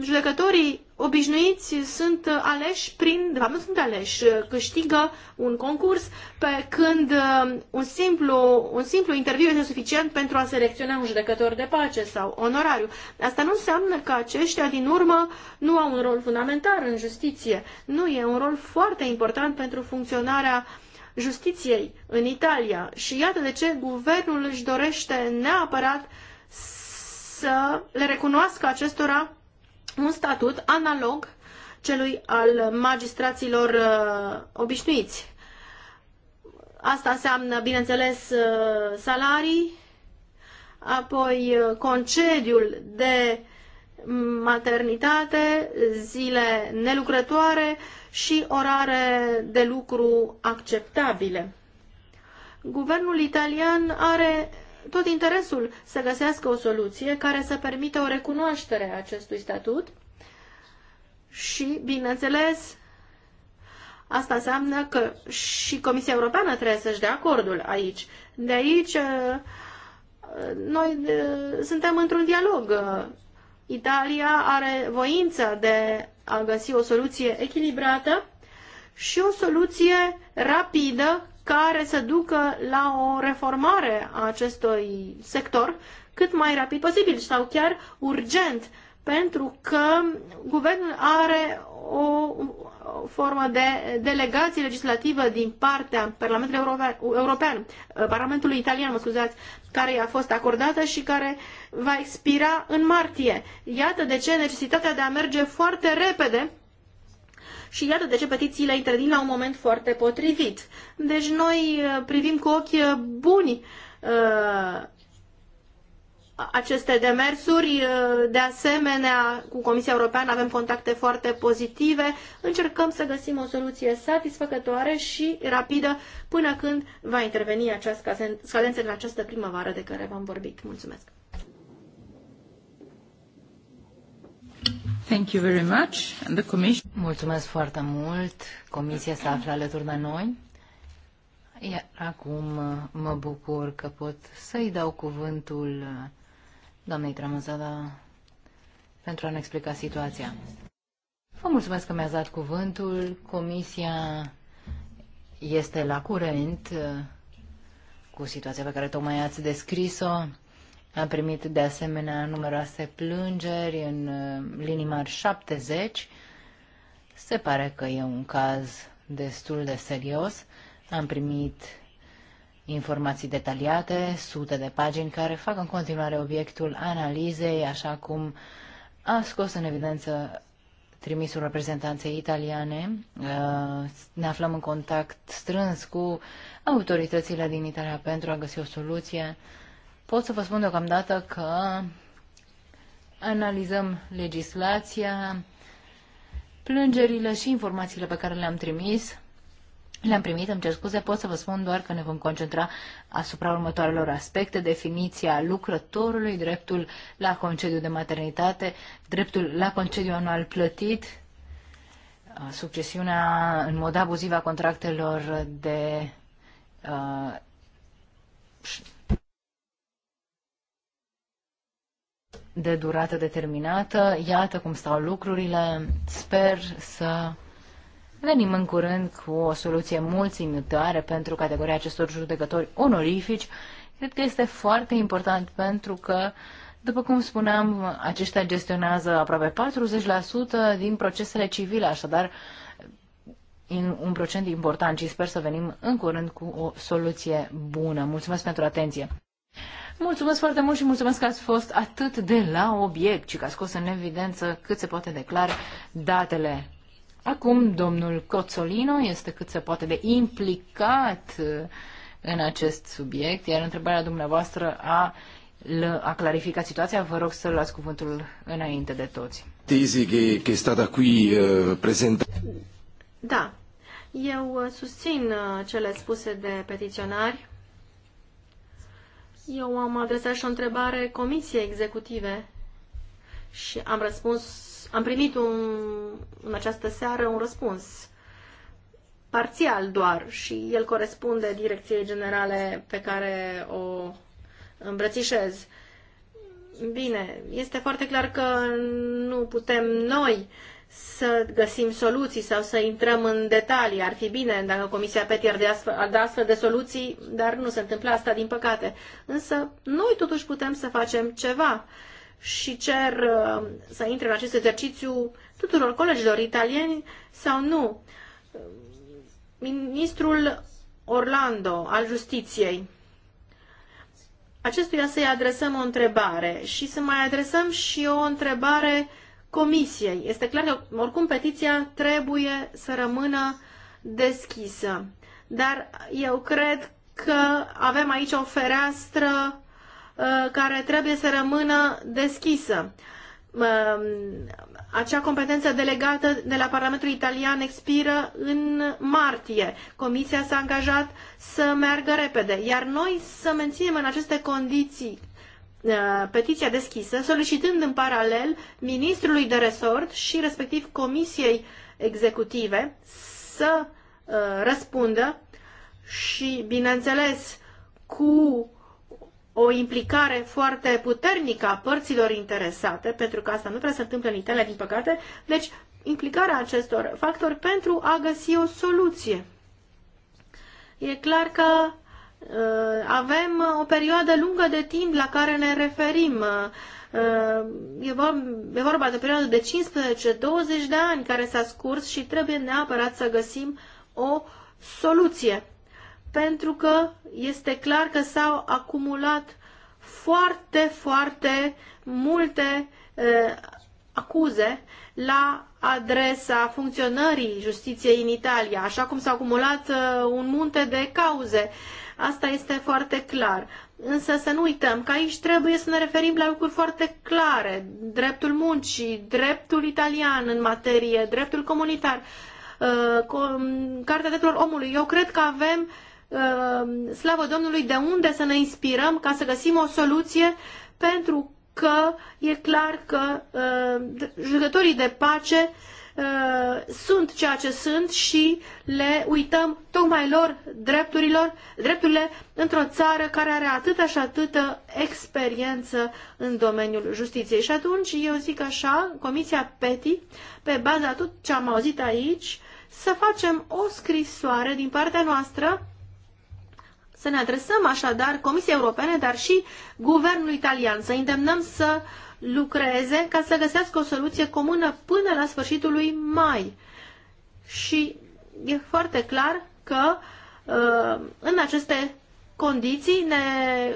judecătorii obișnuiți sunt aleși prin, de fapt nu sunt aleși, câștigă un concurs pe când uh, un simplu, un simplu interviu este suficient pentru a selecționa un judecător de pace sau onorariu. Asta nu înseamnă că aceștia din urmă nu au un rol fundamental în justiție. Nu, e un rol foarte important pentru funcționarea justiției în Italia. Și iată de ce guvernul își dorește neapărat uh, să le recunoască acestora un statut analog celui al magistraților uh, obișnuiți. Asta înseamnă, bineînțeles, uh, salarii, apoi uh, concediul de maternitate, zile nelucrătoare și orare de lucru acceptabile. Guvernul italian are tot interesul să găsească o soluție care să permită o recunoaștere a acestui statut și, bineînțeles, asta înseamnă că și Comisia Europeană trebuie să-și dea acordul aici. De aici, uh, noi uh, suntem într-un dialog. Italia are voință de a găsi o soluție echilibrată și o soluție rapidă care să ducă la o reformare a acestui sector cât mai rapid posibil sau chiar urgent, pentru că guvernul are o, formă de delegație legislativă din partea Parlamentului European, uh, Parlamentului Italian, mă scuzați, care i-a fost acordată și care va expira în martie. Iată de ce necesitatea de a merge foarte repede și iată de ce petițiile intervin la un moment foarte potrivit. Deci noi uh, privim cu ochi uh, buni uh, aceste demersuri. De asemenea, cu Comisia Europeană avem contacte foarte pozitive. Încercăm să găsim o soluție satisfăcătoare și rapidă până când va interveni această scadență în această primăvară de care v-am vorbit. Mulțumesc! Mulțumesc foarte mult. Comisia se află alături de noi. Iar acum uh, mă bucur că pot să-i dau cuvântul uh, doamnei Tramăzada pentru a ne explica situația. Vă mulțumesc că mi-ați dat cuvântul. Comisia este la curent uh, cu situația pe care tocmai ați descris-o. Am primit de asemenea numeroase plângeri, în uh, linii mari 70. Se pare că e un caz destul de serios. Am primit informații detaliate, sute de pagini care fac în continuare obiectul analizei, așa cum a scos în evidență trimisul reprezentanței italiane. Uh, ne aflăm în contact strâns cu autoritățile din Italia pentru a găsi o soluție Pot să vă spun deocamdată că analizăm legislația, plângerile și informațiile pe care le-am trimis. Le-am primit, îmi cer scuze, pot să vă spun doar că ne vom concentra asupra următoarelor aspecte, definiția lucrătorului, dreptul la concediu de maternitate, dreptul la concediu anual plătit, succesiunea în mod abuziv a contractelor de uh, de durată determinată. Iată cum stau lucrurile. Sper să venim în curând cu o soluție mulțumitoare pentru categoria acestor judecători onorifici. Cred că este foarte important pentru că, după cum spuneam, aceștia gestionează aproape 40% din procesele civile, așadar un procent important și sper să venim în curând cu o soluție bună. Mulțumesc pentru atenție! Mulțumesc foarte mult și mulțumesc că ați fost atât de la obiect și că ați scos în evidență cât se poate de clar datele. Acum, domnul Cozzolino este cât se poate de implicat în acest subiect, iar întrebarea dumneavoastră a, a clarificat situația. Vă rog să luați cuvântul înainte de toți. Tezi che, che stata qui uh, Da, eu uh, susțin uh, cele spuse de petiționari eu am adresat și o întrebare Comisiei Executive și am răspuns, am primit un, în această seară un răspuns parțial doar și el corespunde direcției generale pe care o îmbrățișez. Bine, este foarte clar că nu putem noi să găsim soluții sau să intrăm în detalii. Ar fi bine dacă Comisia PETI ar da astfel de soluții, dar nu se întâmplă asta, din păcate. Însă noi totuși putem să facem ceva și cer uh, să intre în acest exercițiu tuturor colegilor italieni sau nu. Ministrul Orlando al Justiției. Acestuia să-i adresăm o întrebare și să mai adresăm și o întrebare Comisiei. Este clar că, oricum, petiția trebuie să rămână deschisă. Dar eu cred că avem aici o fereastră uh, care trebuie să rămână deschisă. Um, acea competență delegată de la Parlamentul Italian expiră în martie. Comisia s-a angajat să meargă repede, iar noi să menținem în aceste condiții Uh, petiția deschisă, solicitând în paralel ministrului de resort și respectiv comisiei executive să uh, răspundă și, bineînțeles, cu o implicare foarte puternică a părților interesate, pentru că asta nu prea se întâmplă în Italia, din păcate, deci implicarea acestor factori pentru a găsi o soluție. E clar că Uh, avem uh, o perioadă lungă de timp la care ne referim. Uh, e vorba de o perioadă de 15-20 de ani care s-a scurs și trebuie neapărat să găsim o soluție. Pentru că este clar că s-au acumulat foarte, foarte multe acuze la adresa funcționării justiției în Italia, așa cum s-a acumulat uh, un munte de cauze. Asta este foarte clar. Însă să nu uităm că aici trebuie să ne referim la lucruri foarte clare. Dreptul muncii, dreptul italian în materie, dreptul comunitar, uh, Cartea Drepturilor Omului. Eu cred că avem, uh, slavă Domnului, de unde să ne inspirăm ca să găsim o soluție pentru că e clar că uh, jucătorii de pace uh, sunt ceea ce sunt și le uităm tocmai lor drepturilor, drepturile într-o țară care are atâta și atâtă experiență în domeniul justiției. Și atunci eu zic așa, Comisia PETI, pe baza tot ce am auzit aici, să facem o scrisoare din partea noastră să ne adresăm așadar Comisiei Europene, dar și guvernului italian, să îndemnăm să lucreze ca să găsească o soluție comună până la sfârșitul lui mai. Și e foarte clar că uh, în aceste condiții ne,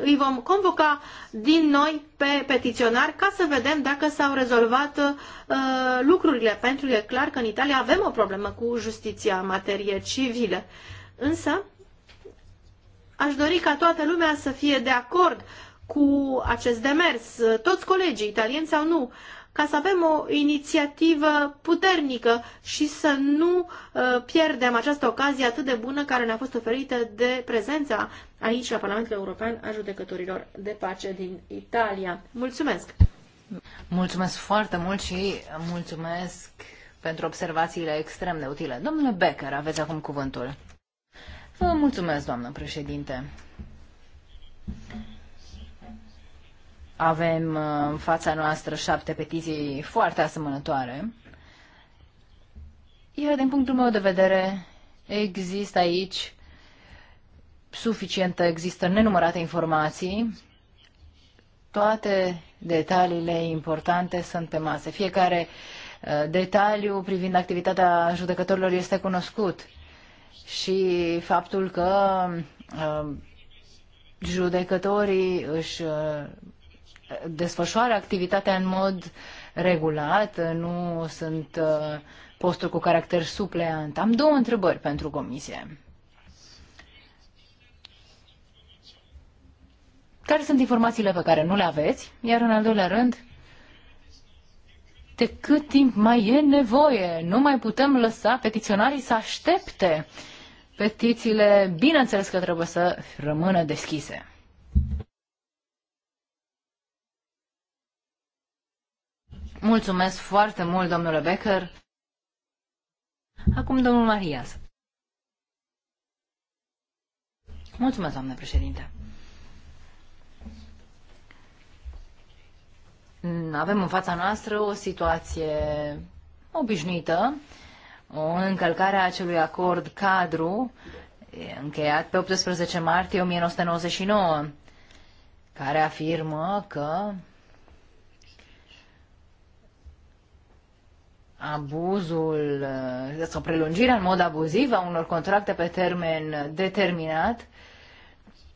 îi vom convoca din noi pe petiționari ca să vedem dacă s-au rezolvat uh, lucrurile, pentru că e clar că în Italia avem o problemă cu justiția în materie civilă. Însă, Aș dori ca toată lumea să fie de acord cu acest demers, toți colegii, italieni sau nu, ca să avem o inițiativă puternică și să nu uh, pierdem această ocazie atât de bună care ne-a fost oferită de prezența aici la Parlamentul European a judecătorilor de pace din Italia. Mulțumesc! Mulțumesc foarte mult și mulțumesc pentru observațiile extrem de utile. Domnule Becker, aveți acum cuvântul. Vă mulțumesc, doamnă președinte. Avem uh, în fața noastră șapte petiții foarte asemănătoare. Iar din punctul meu de vedere, există aici suficientă, există nenumărate informații. Toate detaliile importante sunt pe masă. Fiecare uh, detaliu privind activitatea judecătorilor este cunoscut și faptul că uh, judecătorii își uh, desfășoară activitatea în mod regulat, uh, nu sunt uh, posturi cu caracter supleant. Am două întrebări pentru comisie. Care sunt informațiile pe care nu le aveți? Iar în al doilea rând, de cât timp mai e nevoie. Nu mai putem lăsa petiționarii să aștepte. Petițiile, bineînțeles că trebuie să rămână deschise. Mulțumesc foarte mult, domnule Becker. Acum, domnul Marias. Mulțumesc, doamne președinte. avem în fața noastră o situație obișnuită, o încălcare a acelui acord cadru încheiat pe 18 martie 1999, care afirmă că abuzul sau prelungirea în mod abuziv a unor contracte pe termen determinat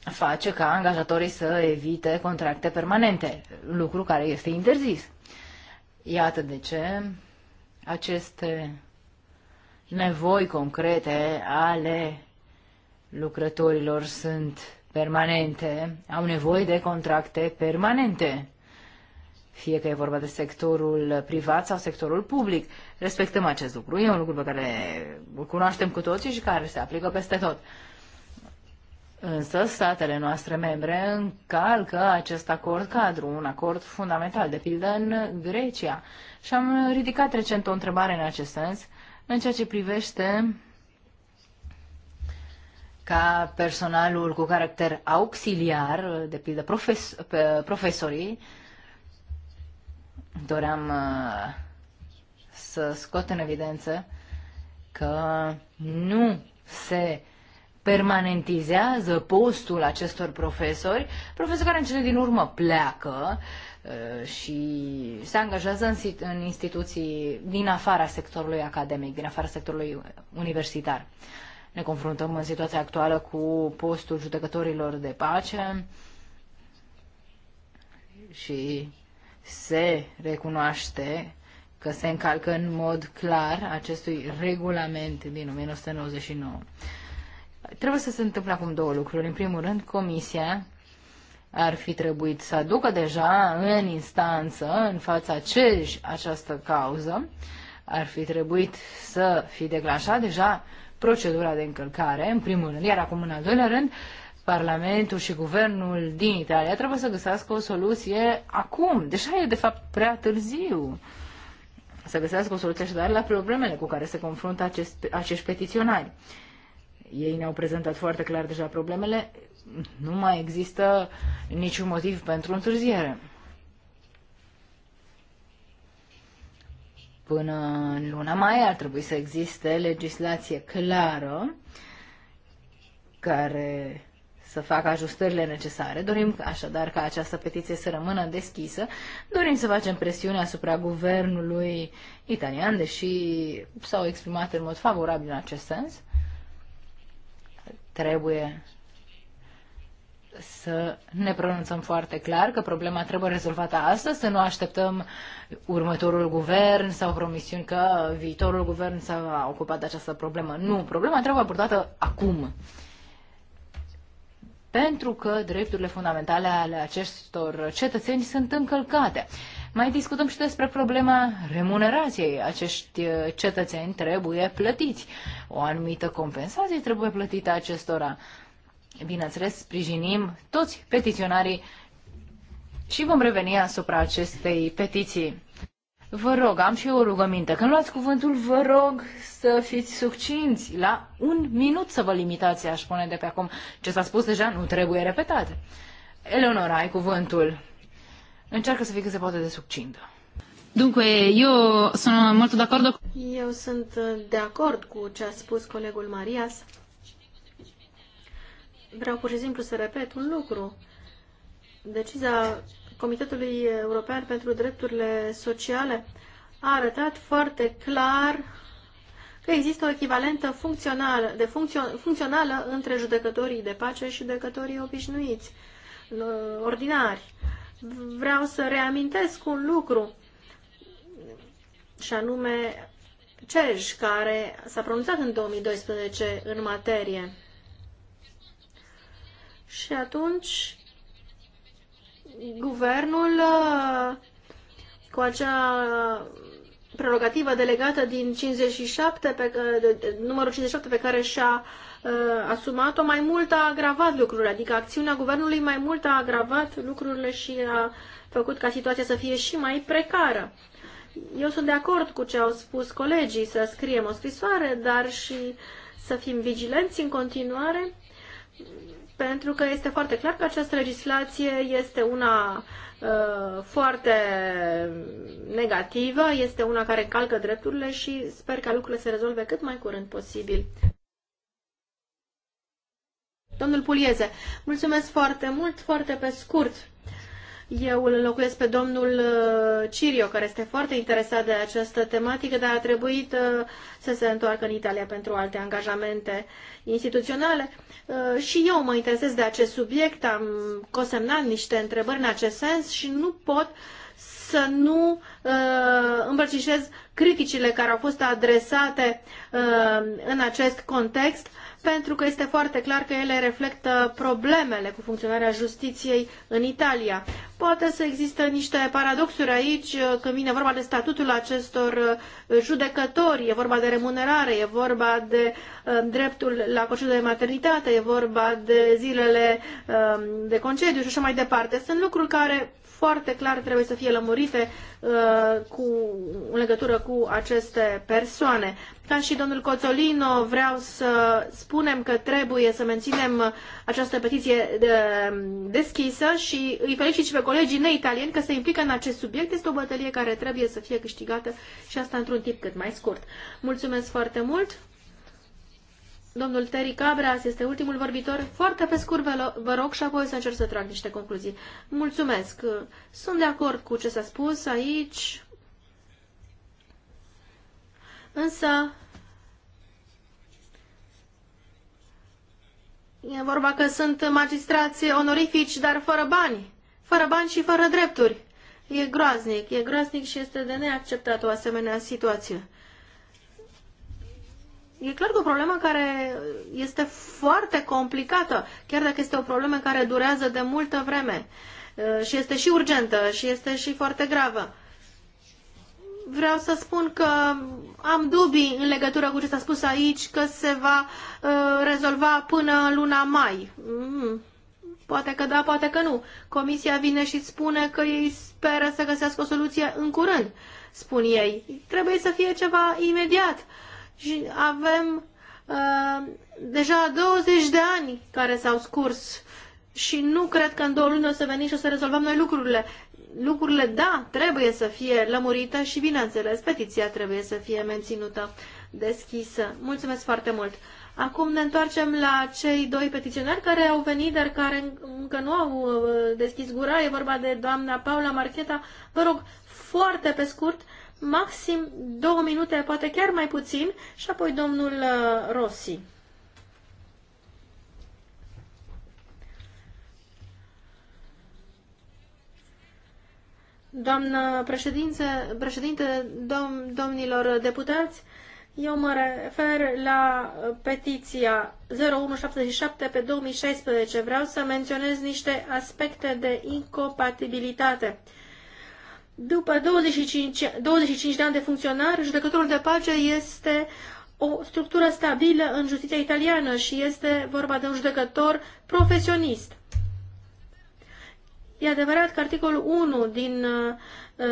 face ca angajatorii să evite contracte permanente, lucru care este interzis. Iată de ce aceste nevoi concrete ale lucrătorilor sunt permanente, au nevoie de contracte permanente, fie că e vorba de sectorul privat sau sectorul public. Respectăm acest lucru. E un lucru pe care îl cunoaștem cu toții și care se aplică peste tot. Însă statele noastre membre încalcă acest acord cadru, un acord fundamental, de pildă în Grecia. Și am ridicat recent o întrebare în acest sens, în ceea ce privește ca personalul cu caracter auxiliar, de pildă profes- profesorii, doream uh, să scot în evidență că nu se uh, permanentizează postul acestor profesori, profesori care în cele din urmă pleacă uh, și se angajează în, instituții din afara sectorului academic, din afara sectorului universitar. Ne confruntăm în situația actuală cu postul judecătorilor de pace și se recunoaște că se încalcă în mod clar acestui regulament din 1999. Trebuie să se întâmple acum două lucruri. În primul rând, Comisia ar fi trebuit să aducă deja în instanță, în fața cerși, această cauză. Ar fi trebuit să fi declanșat deja procedura de încălcare, în primul rând. Iar acum, în al doilea rând, Parlamentul și guvernul din Italia trebuie să găsească o soluție acum. Deja e, de fapt, prea târziu să găsească o soluție așadar la problemele cu care se confruntă acest, acești petiționari. Ei ne-au prezentat foarte clar deja problemele. Nu mai există niciun motiv pentru întârziere. Până în luna mai ar trebui să existe legislație clară care să facă ajustările necesare. Dorim așadar ca această petiție să rămână deschisă. Dorim să facem presiune asupra guvernului italian, deși s-au exprimat în mod favorabil în acest sens. Trebuie să ne pronunțăm foarte clar că problema trebuie rezolvată astăzi, să nu așteptăm următorul guvern sau promisiuni că viitorul guvern s-a ocupat de această problemă. Nu, problema trebuie abordată acum. Pentru că drepturile fundamentale ale acestor cetățeni sunt încălcate. Mai discutăm și despre problema remunerației. Acești uh, cetățeni trebuie plătiți. O anumită compensație trebuie plătită acestora. Bineînțeles, sprijinim toți petiționarii și vom reveni asupra acestei petiții. Vă rog, am și eu o rugăminte. Când luați cuvântul, vă rog să fiți succinți. La un minut să vă limitați, aș spune de pe acum. Ce s-a spus deja nu trebuie repetat. Eleonora, ai cuvântul. Încearcă să fie cât se poate de succintă. Dunque, eu sunt mult de acord. Eu sunt de acord cu ce a spus colegul Marias. Vreau pur și simplu să repet un lucru. Decizia Comitetului European pentru Drepturile Sociale a arătat foarte clar că există o echivalentă funcțională, de funcțio, funcțională între judecătorii de pace și judecătorii obișnuiți, ordinari vreau să reamintesc un lucru, și anume Cerj, care s-a pronunțat în 2012 în materie. Și atunci, guvernul uh, cu acea prerogativă delegată din 57 pe, numărul 57 pe care și-a uh, uh, asumat-o, mai mult a agravat lucrurile, adică acțiunea guvernului mai mult a agravat lucrurile și a făcut ca situația să fie și mai precară. Eu sunt de acord cu ce au spus colegii, să scriem o scrisoare, dar și să fim vigilenți în continuare, pentru că este foarte clar că această legislație este una uh, foarte negativă, este una care încalcă drepturile și sper ca lucrurile se rezolve cât mai curând posibil. Domnul Pulieze, mulțumesc foarte mult, foarte pe scurt. Eu îl înlocuiesc pe domnul uh, Cirio, care este foarte interesat de această tematică, dar a trebuit uh, să se întoarcă în Italia pentru alte angajamente instituționale. Uh, și eu mă interesez de acest subiect, am cosemnat niște întrebări în acest sens și nu pot să nu îmbrățișez criticile care au fost adresate în acest context pentru că este foarte clar că ele reflectă problemele cu funcționarea justiției în Italia. Poate să există niște paradoxuri aici uh, când vine vorba de statutul acestor uh, judecători, e vorba de remunerare, e vorba de um, dreptul la concediu de maternitate, e vorba de zilele um, de concediu și așa mai departe. Sunt lucruri care foarte clar trebuie să fie lămurite uh, cu, în legătură cu aceste persoane. Ca și domnul Coțolino, vreau să spunem că trebuie să menținem această petiție de, uh, deschisă și îi felicit și pe colegii neitalieni că se implică în acest subiect. Este o bătălie care trebuie să fie câștigată și asta într-un timp cât mai scurt. Mulțumesc foarte mult! Domnul Terry Cabras este ultimul vorbitor. Foarte pe scurt vă rog și apoi să încerc să trag niște concluzii. Mulțumesc. Sunt de acord cu ce s-a spus aici. Însă e vorba că sunt magistrați onorifici, dar fără bani. Fără bani și fără drepturi. E groaznic, e groaznic și este de neacceptat o asemenea situație. E clar că o problemă care este foarte complicată, chiar dacă este o problemă care durează de multă vreme uh, și este și urgentă și este și foarte gravă. Vreau să spun că am dubii în legătură cu ce s-a spus aici, că se va uh, rezolva până luna mai. Mm, poate că da, poate că nu. Comisia vine și spune că ei speră să găsească o soluție în curând, spun ei. Trebuie să fie ceva imediat. Uh, și avem uh, deja 20 de ani care s-au scurs și nu cred că în două luni o să venim și o să rezolvăm noi lucrurile. Lucrurile, da, trebuie să fie lămurite și, bineînțeles, petiția trebuie să fie menținută deschisă. Mulțumesc foarte mult! Acum ne întoarcem la cei doi petiționari care au venit, dar care încă nu au uh, deschis gura. E vorba de doamna Paula Marcheta. Vă rog, foarte pe scurt, maxim două minute, poate chiar mai puțin, și apoi domnul uh, Rossi. Doamnă președință, președinte dom, domnilor deputați, eu mă refer la uh, petiția 0177 pe 2016. Vreau să menționez niște aspecte de incompatibilitate. Uh, după 25, 25 de ani de funcționar, judecătorul de pace este o structură stabilă în justiția italiană și este vorba de un judecător profesionist. E adevărat că articolul 1 din uh,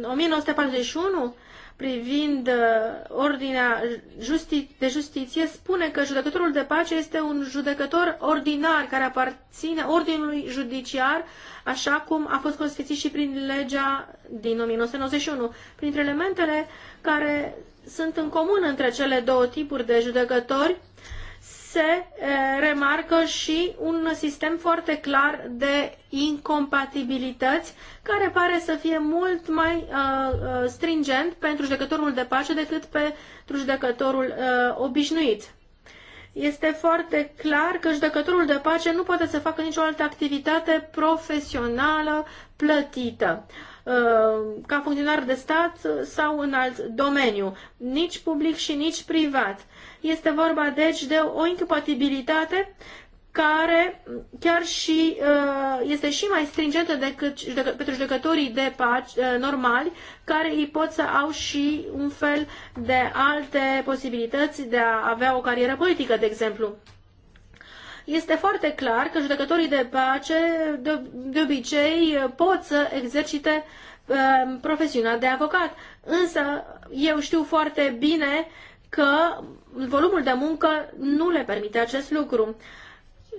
uh, 1941 um, privind uh, ordinea justi de justiție spune că judecătorul de pace este un judecător ordinar care aparține ordinului judiciar, așa cum a fost consfințit și prin legea din 1991. Printre elementele care sunt în comun între cele două tipuri de judecători se eh, remarcă și un sistem foarte clar de incompatibilități care pare să fie mult mai eh, eh, stringent pentru judecătorul de pace decât pentru judecătorul obișnuit. Este foarte clar că judecătorul de pace nu poate să facă nicio altă activitate profesională plătită ca funcționar de stat sau în alt domeniu, nici public și nici privat. Este vorba deci de o incompatibilitate care chiar și uh, este și mai stringentă decât pentru judecătorii de pace uh, normali, care îi pot să au și un fel de alte posibilități de a avea o carieră politică, de exemplu. Este foarte clar că judecătorii de pace de, de obicei uh, pot să exercite profesiunea de avocat, însă eu știu foarte bine uh, că volumul de muncă nu le permite acest lucru.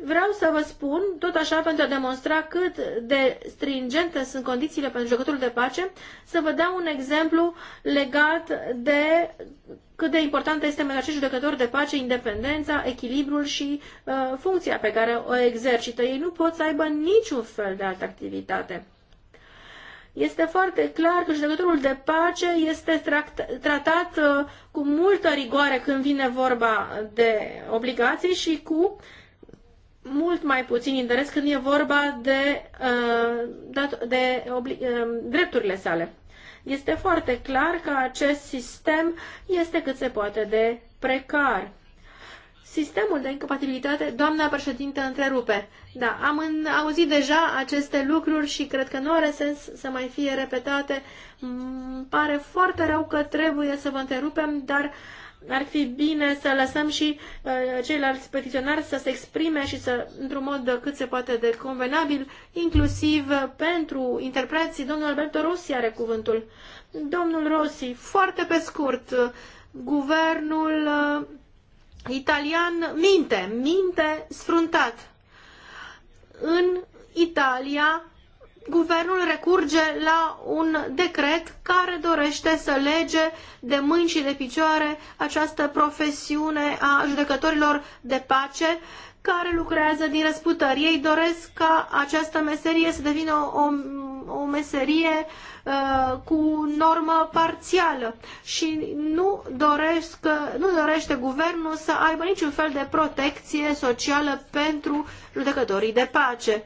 Vreau să vă spun, tot așa pentru a demonstra cât de stringente sunt condițiile pentru jucătorul de pace, să vă dau un exemplu legat de cât de importantă este pentru acești judecători de pace independența, echilibrul și uh, funcția pe care o exercită. Ei nu pot să aibă niciun fel de altă activitate este foarte clar că judecătorul de pace este tratat uh, cu multă rigoare când vine vorba de obligații și cu mult mai puțin interes când e vorba de, uh, de uh, drepturile sale. Este foarte clar că acest sistem este cât se poate de precar. Sistemul de incompatibilitate, doamna președintă întrerupe. Da, am în, auzit deja aceste lucruri și cred că nu are sens să mai fie repetate. Îmi mm, pare foarte rău că trebuie să vă întrerupem, dar ar fi bine să lăsăm și uh, ceilalți petiționari să se exprime și să, într-un mod cât se poate de convenabil, inclusiv pentru interpreții. Domnul Alberto Rossi are cuvântul. Domnul Rossi, foarte pe scurt, guvernul uh, italian minte, minte sfruntat. În Italia, guvernul recurge la un decret care dorește să lege de mâini și de picioare această profesiune a judecătorilor de pace care lucrează din răsputări. Ei doresc ca această meserie să devină o, o, o meserie uh, cu normă parțială și nu, doresc, uh, nu dorește guvernul să aibă niciun fel de protecție socială pentru judecătorii de pace.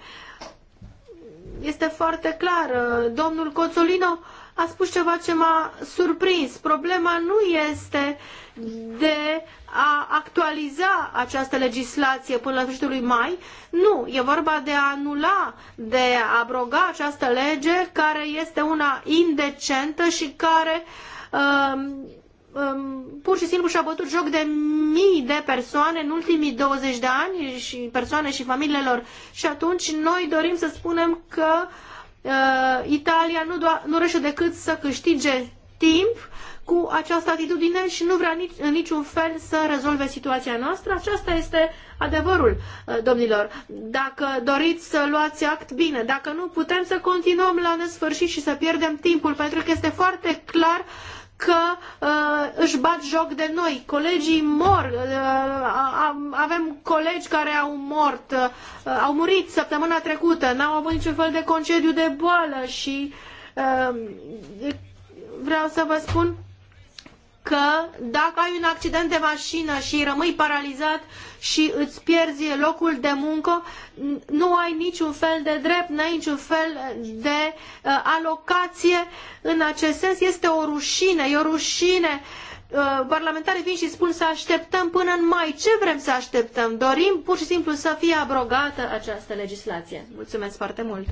Este foarte clar, uh, domnul Coțolino a spus ceva ce m-a surprins. Problema nu este de a actualiza această legislație până la sfârșitul lui mai. Nu, e vorba de a anula, de a abroga această lege care este una indecentă și care um, um, pur și simplu și-a bătut joc de mii de persoane în ultimii 20 de ani și persoane și familiilor. Și atunci noi dorim să spunem că uh, uh, Italia nu, doa, nu rește decât să câștige timp cu această atitudine și nu vrea nici, în niciun fel să rezolve situația noastră. Aceasta este adevărul, uh, domnilor. Dacă doriți să luați act, bine. Dacă nu, putem să continuăm la nesfârșit și să pierdem timpul, pentru că este foarte clar că uh, își bat joc de noi. Colegii mor. Uh, avem colegi care au mort, uh, au murit săptămâna trecută, n-au avut niciun fel de concediu de boală și uh, vreau să vă spun că dacă ai un accident de mașină și rămâi paralizat și îți pierzi locul de muncă, nu ai niciun fel de drept, nu ai niciun fel de uh, alocație în acest sens. Este o rușine, e o rușine. Uh, parlamentarii vin și spun să așteptăm până în mai. Ce vrem să așteptăm? Dorim pur și simplu să fie abrogată această legislație. Mulțumesc foarte mult!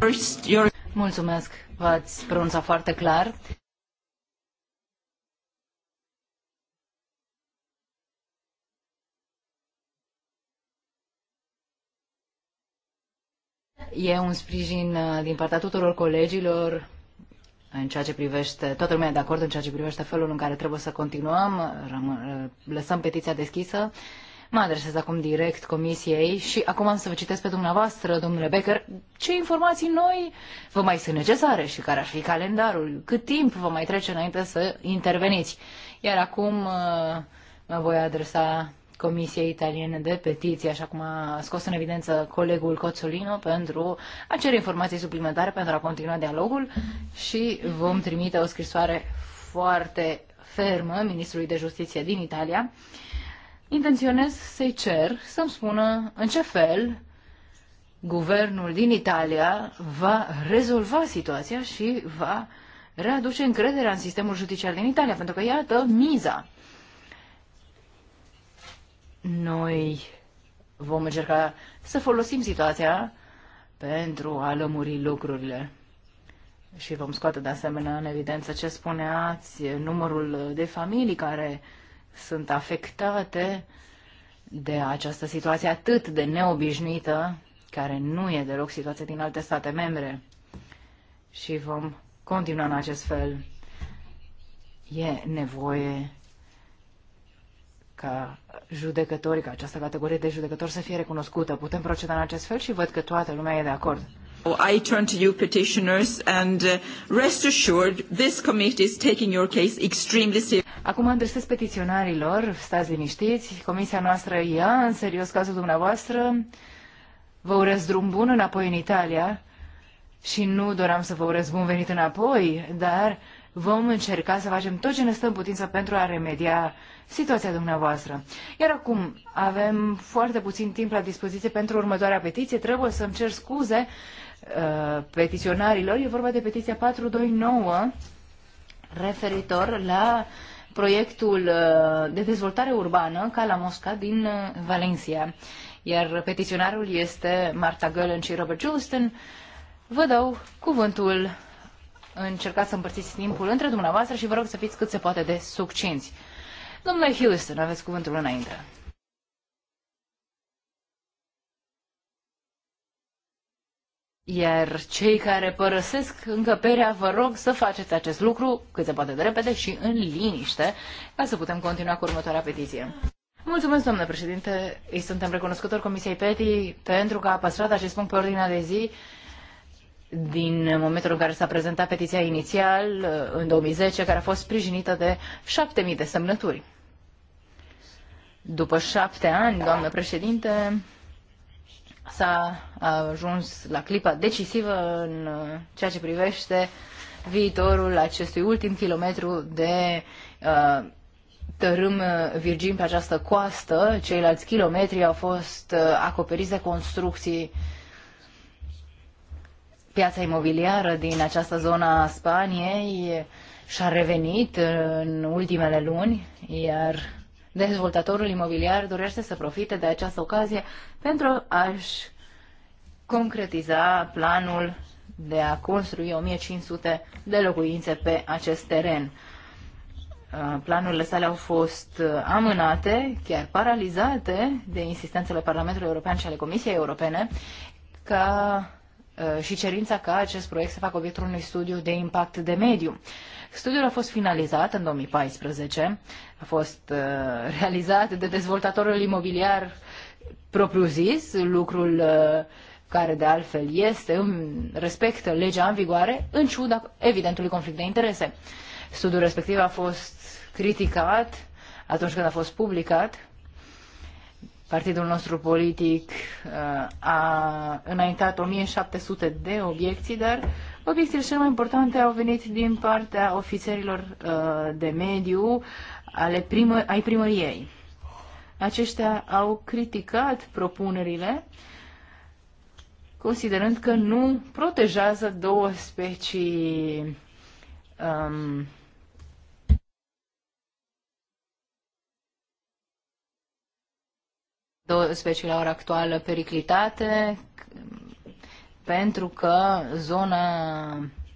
Mulțumesc! V-ați pronunțat foarte clar. E un sprijin uh, din partea tuturor colegilor în ceea ce privește, toată lumea de acord în ceea ce privește felul în care trebuie să continuăm, răm, uh, lăsăm petiția deschisă. Mă adresez acum direct comisiei și acum am să vă citesc pe dumneavoastră, domnule Becker, ce informații noi vă mai sunt necesare și care ar fi calendarul, cât timp vă mai trece înainte să interveniți. Iar acum uh, mă voi adresa Comisiei Italiene de Petiții, așa cum a scos în evidență colegul Coțolino, pentru a cere informații suplimentare pentru a continua dialogul și vom trimite o scrisoare foarte fermă Ministrului de Justiție din Italia. Intenționez să-i cer să-mi spună în ce fel guvernul din Italia va rezolva situația și va readuce încrederea în sistemul judiciar din Italia, pentru că iată miza noi vom încerca să folosim situația pentru a lămuri lucrurile. Și vom scoate de asemenea în evidență ce spuneați, numărul de familii care sunt afectate de această situație atât de neobișnuită, care nu e deloc situație din alte state membre. Și vom continua în acest fel. E nevoie ca judecători, ca această categorie de judecători să fie recunoscută. Putem proceda în acest fel și văd că toată lumea e de acord. I turn to you petitioners and uh, rest assured this committee is taking your case extremely seriously. Acum adresez petiționarilor, stați liniștiți, comisia noastră ia în serios cazul dumneavoastră. Vă urez drum bun înapoi în Italia și nu doream să vă urez bun venit înapoi, dar Vom încerca să facem tot ce ne stă în putință pentru a remedia situația dumneavoastră. Iar acum avem foarte puțin timp la dispoziție pentru următoarea petiție. Trebuie să-mi cer scuze uh, petiționarilor. E vorba de petiția 429 referitor la proiectul uh, de dezvoltare urbană ca la Mosca din uh, Valencia. Iar petiționarul este Marta Gălen și Robert Johnston. Vă dau cuvântul încercați să împărțiți timpul între dumneavoastră și vă rog să fiți cât se poate de succinți. Domnule Houston, aveți cuvântul înainte. Iar cei care părăsesc încăperea, vă rog să faceți acest lucru cât se poate de repede și în liniște, ca să putem continua cu următoarea petiție. Mulțumesc, domnule președinte. Îi suntem recunoscători Comisiei PETI pentru că a păstrat acest punct pe ordinea de zi din momentul în care s-a prezentat petiția inițial, uh, în 2010, care a fost sprijinită de 7.000 de semnături. După șapte ani, doamnă președinte, s-a ajuns la clipa decisivă în uh, ceea ce privește viitorul acestui ultim kilometru de uh, tărâm uh, virgin pe această coastă. Ceilalți kilometri au fost acoperiți de construcții uh, piața imobiliară din această zonă a Spaniei și-a revenit în ultimele luni, iar dezvoltatorul imobiliar dorește să profite de această ocazie pentru a-și concretiza planul de a construi 1500 de locuințe pe acest teren. Uh, planurile sale au fost uh, amânate, chiar paralizate de insistențele Parlamentului European și ale Comisiei Europene, ca Uh, și cerința ca acest proiect să facă obiectul unui studiu de impact de mediu. Studiul a fost finalizat în 2014, a fost uh, (laughs) realizat de dezvoltatorul imobiliar propriu-zis, lucrul uh, care de altfel este, respectă legea în vigoare, în ciuda evidentului conflict de interese. Studiul respectiv a fost criticat atunci când a fost publicat Partidul nostru politic uh, a înaintat 1700 de obiecții, dar obiecțiile cele mai importante au venit din partea ofițerilor uh, de mediu ale primă, ai primăriei. Aceștia au criticat propunerile considerând că nu protejează două specii um, 12 la ora actuală periclitate pentru că zona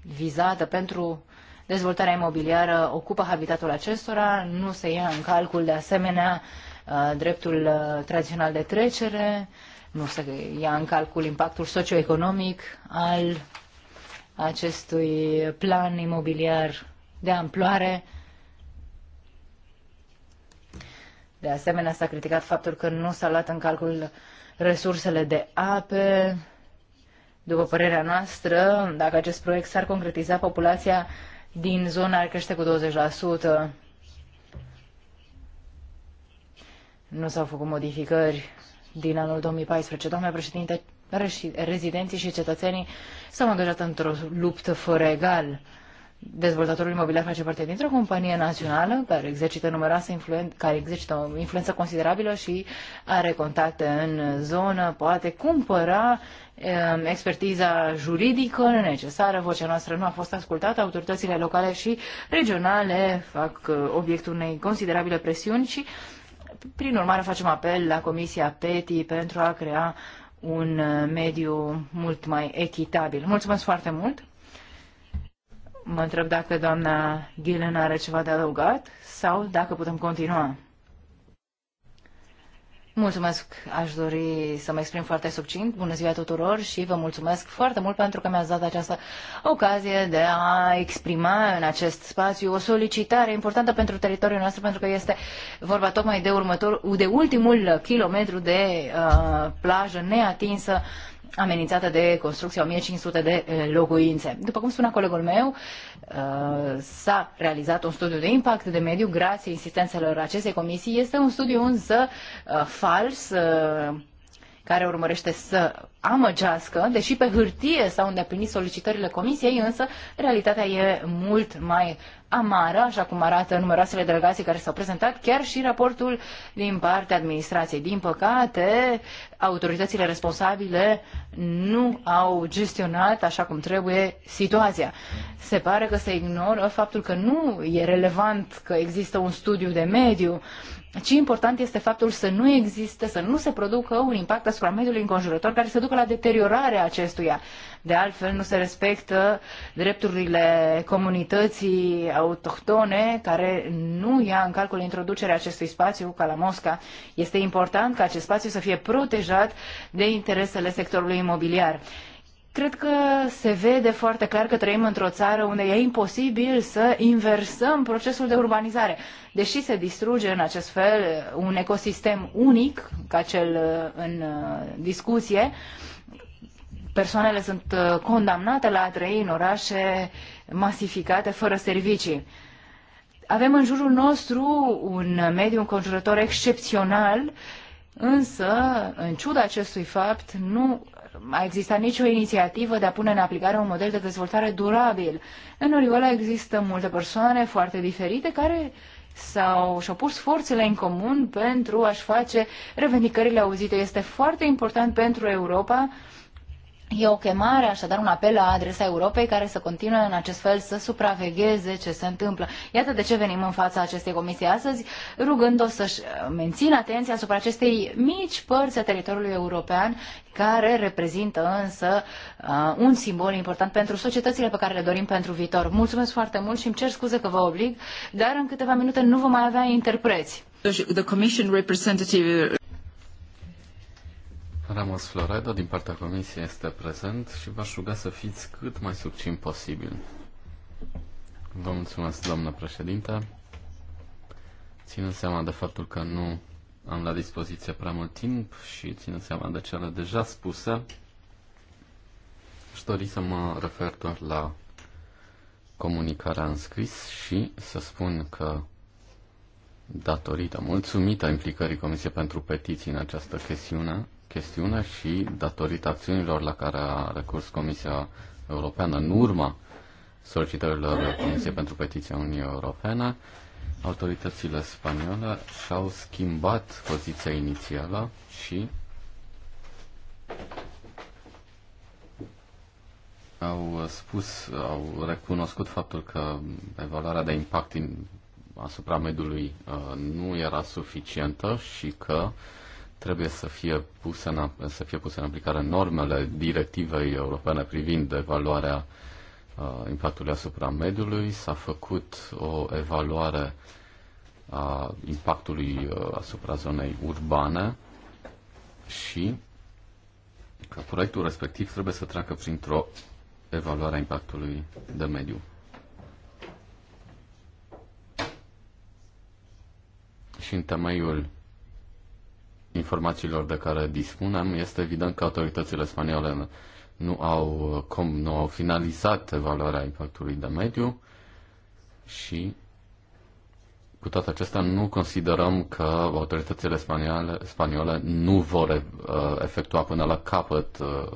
vizată pentru dezvoltarea imobiliară ocupă habitatul acestora, nu se ia în calcul de asemenea uh, dreptul uh, tradițional de trecere, nu se ia în calcul impactul socioeconomic al acestui plan imobiliar de amploare De asemenea, s-a criticat faptul că nu s-a luat în calcul resursele de ape. După părerea noastră, dacă acest proiect s-ar concretiza, populația din zona ar crește cu 20%. Nu s-au făcut modificări din anul 2014. Doamne președinte, rezidenții și cetățenii s-au angajat într-o luptă fără egal dezvoltatorul imobiliar face parte dintr-o companie națională care exercită numeroase influen- care exercită o influență considerabilă și are contacte în zonă, poate cumpăra ehm, expertiza juridică necesară. Vocea noastră nu a fost ascultată, autoritățile locale și regionale fac uh, obiectul unei considerabile presiuni și prin urmare facem apel la Comisia PETI pentru a crea un uh, mediu mult mai echitabil. Mulțumesc foarte mult! Mă întreb dacă doamna Ghilen are ceva de adăugat sau dacă putem continua. Mulțumesc, aș dori să mă exprim foarte succint. Bună ziua tuturor și vă mulțumesc foarte mult pentru că mi-ați dat această ocazie de a exprima în acest spațiu o solicitare importantă pentru teritoriul nostru, pentru că este vorba tocmai de, următor, de ultimul kilometru de uh, plajă neatinsă amenințată de construcția 1500 de eh, locuințe. După cum spunea colegul meu, eh, s-a realizat un studiu de impact de mediu grație insistențelor acestei comisii. Este un studiu însă eh, fals care urmărește să amăgească, deși pe hârtie s-au îndeplinit solicitările comisiei, însă realitatea e mult mai amară, așa cum arată numeroasele delegații care s-au prezentat, chiar și raportul din partea administrației. Din păcate, autoritățile responsabile nu au gestionat așa cum trebuie situația. Se pare că se ignoră faptul că nu e relevant că există un studiu de mediu, ci important este faptul să nu existe, să nu se producă un impact asupra mediului înconjurător care să ducă la deteriorarea acestuia. De altfel, nu se respectă drepturile comunității autohtone care nu ia în calcul introducerea acestui spațiu ca la Mosca. Este important ca acest spațiu să fie protejat de interesele sectorului imobiliar. Cred că se vede foarte clar că trăim într-o țară unde e imposibil să inversăm procesul de urbanizare. Deși se distruge în acest fel un ecosistem unic, ca cel uh, în uh, discuție, persoanele sunt uh, condamnate la a trăi în orașe masificate, fără servicii. Avem în jurul nostru un mediu înconjurător excepțional, însă, în ciuda acestui fapt, nu a existat nicio inițiativă de a pune în aplicare un model de dezvoltare durabil. În Oriola există multe persoane foarte diferite care sau și-au pus forțele în comun pentru a-și face revendicările auzite. Este foarte important pentru Europa E o chemare, așadar un apel la adresa Europei care să continue în acest fel să supravegheze ce se întâmplă. Iată de ce venim în fața acestei comisii astăzi, rugând-o să-și mențină atenția asupra acestei mici părți a teritoriului european, care reprezintă însă uh, un simbol important pentru societățile pe care le dorim pentru viitor. Mulțumesc foarte mult și îmi cer scuze că vă oblig, dar în câteva minute nu vom mai avea interpreți. The Ramos Floredo din partea comisiei este prezent și v-aș ruga să fiți cât mai subțin posibil. Vă mulțumesc, doamnă președinte. Ținând seama de faptul că nu am la dispoziție prea mult timp și ținând seama de cele deja spuse, aș dori să mă refer doar la comunicarea în scris și să spun că datorită, mulțumită implicării Comisiei pentru Petiții în această chestiune, chestiune și datorită acțiunilor la care a recurs Comisia Europeană în urma solicitărilor Comisiei pentru Petiția Uniunii Europene, autoritățile spaniole și-au schimbat poziția inițială și au spus, au recunoscut faptul că evaluarea de impact asupra mediului uh, nu era suficientă și că uh, trebuie să fie puse în, să fie puse în aplicare normele directivei europene privind evaluarea uh, impactului asupra mediului. S-a făcut o evaluare a impactului uh, asupra zonei urbane și că proiectul respectiv trebuie să treacă printr-o evaluare a impactului de mediu. Și în temeiul informațiilor de care dispunem, este evident că autoritățile spaniole nu au, cum, nu au finalizat evaluarea impactului de mediu și cu toate acestea nu considerăm că autoritățile spaniole, spaniole nu vor uh, efectua până la capăt uh,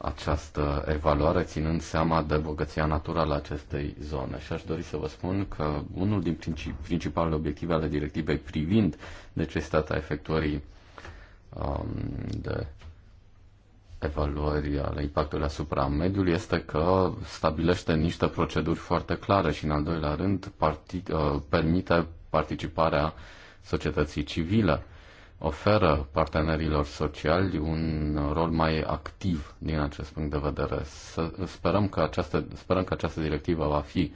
această evaluare ținând seama de bogăția naturală a acestei zone. Și aș dori să vă spun că unul din princip- principalele obiective ale directivei privind necesitatea efectuării um, de evaluări ale impactului asupra mediului este că stabilește niște proceduri foarte clare și, în al doilea rând, parti- uh, permite participarea societății civile oferă partenerilor sociali un rol mai activ din acest punct de vedere. Să sperăm că această, sperăm că această directivă va fi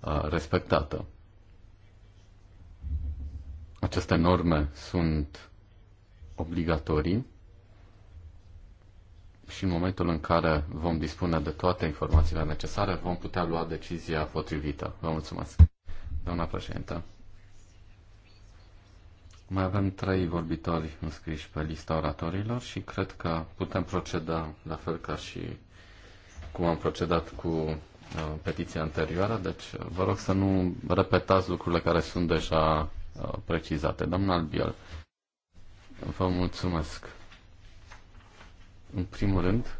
uh, respectată. Aceste norme sunt obligatorii și în momentul în care vom dispune de toate informațiile necesare, vom putea lua decizia potrivită. Vă mulțumesc. Doamna președintă, mai avem trei vorbitori înscriși pe lista oratorilor și cred că putem proceda la fel ca și cum am procedat cu uh, petiția anterioară, deci uh, vă rog să nu repetați lucrurile care sunt deja uh, precizate. Doamna Albiol, vă mulțumesc. În primul rând,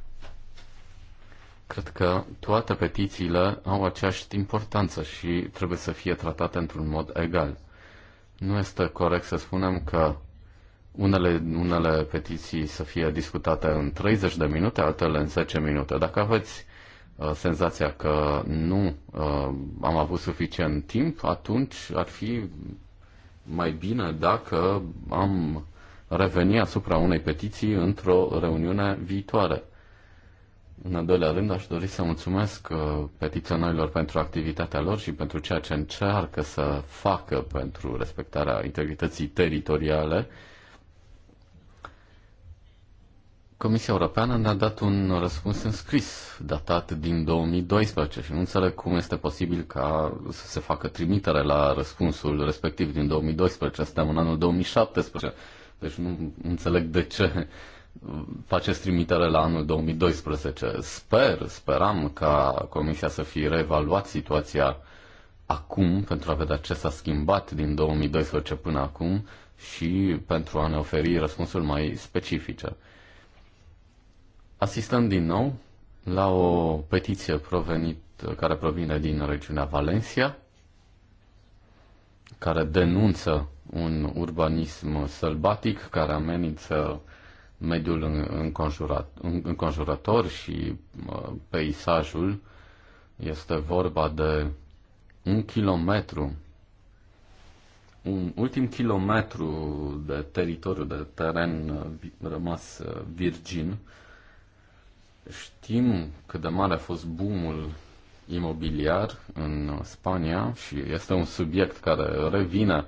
cred că toate petițiile au aceeași importanță și trebuie să fie tratate într-un mod egal. Nu este corect să spunem că unele, unele petiții să fie discutate în 30 de minute, altele în 10 minute. Dacă aveți uh, senzația că nu uh, am avut suficient timp, atunci ar fi mai bine dacă am reveni asupra unei petiții într-o reuniune viitoare. În al doilea rând, aș dori să mulțumesc uh, petiționarilor pentru activitatea lor și pentru ceea ce încearcă să facă pentru respectarea integrității teritoriale. Comisia Europeană ne-a dat un răspuns în scris, datat din 2012 și nu înțeleg cum este posibil ca să se facă trimitere la răspunsul respectiv din 2012. Suntem în anul 2017, deci nu înțeleg de ce faceți trimitere la anul 2012. Sper, speram ca Comisia să fie reevaluat situația acum pentru a vedea ce s-a schimbat din 2012 până acum și pentru a ne oferi răspunsuri mai specifice. Asistăm din nou la o petiție provenit, care provine din regiunea Valencia, care denunță un urbanism sălbatic care amenință mediul înconjurat, înconjurător și peisajul. Este vorba de un kilometru, un ultim kilometru de teritoriu, de teren uh, rămas uh, virgin. Știm cât de mare a fost boomul imobiliar în uh, Spania și este un subiect care revine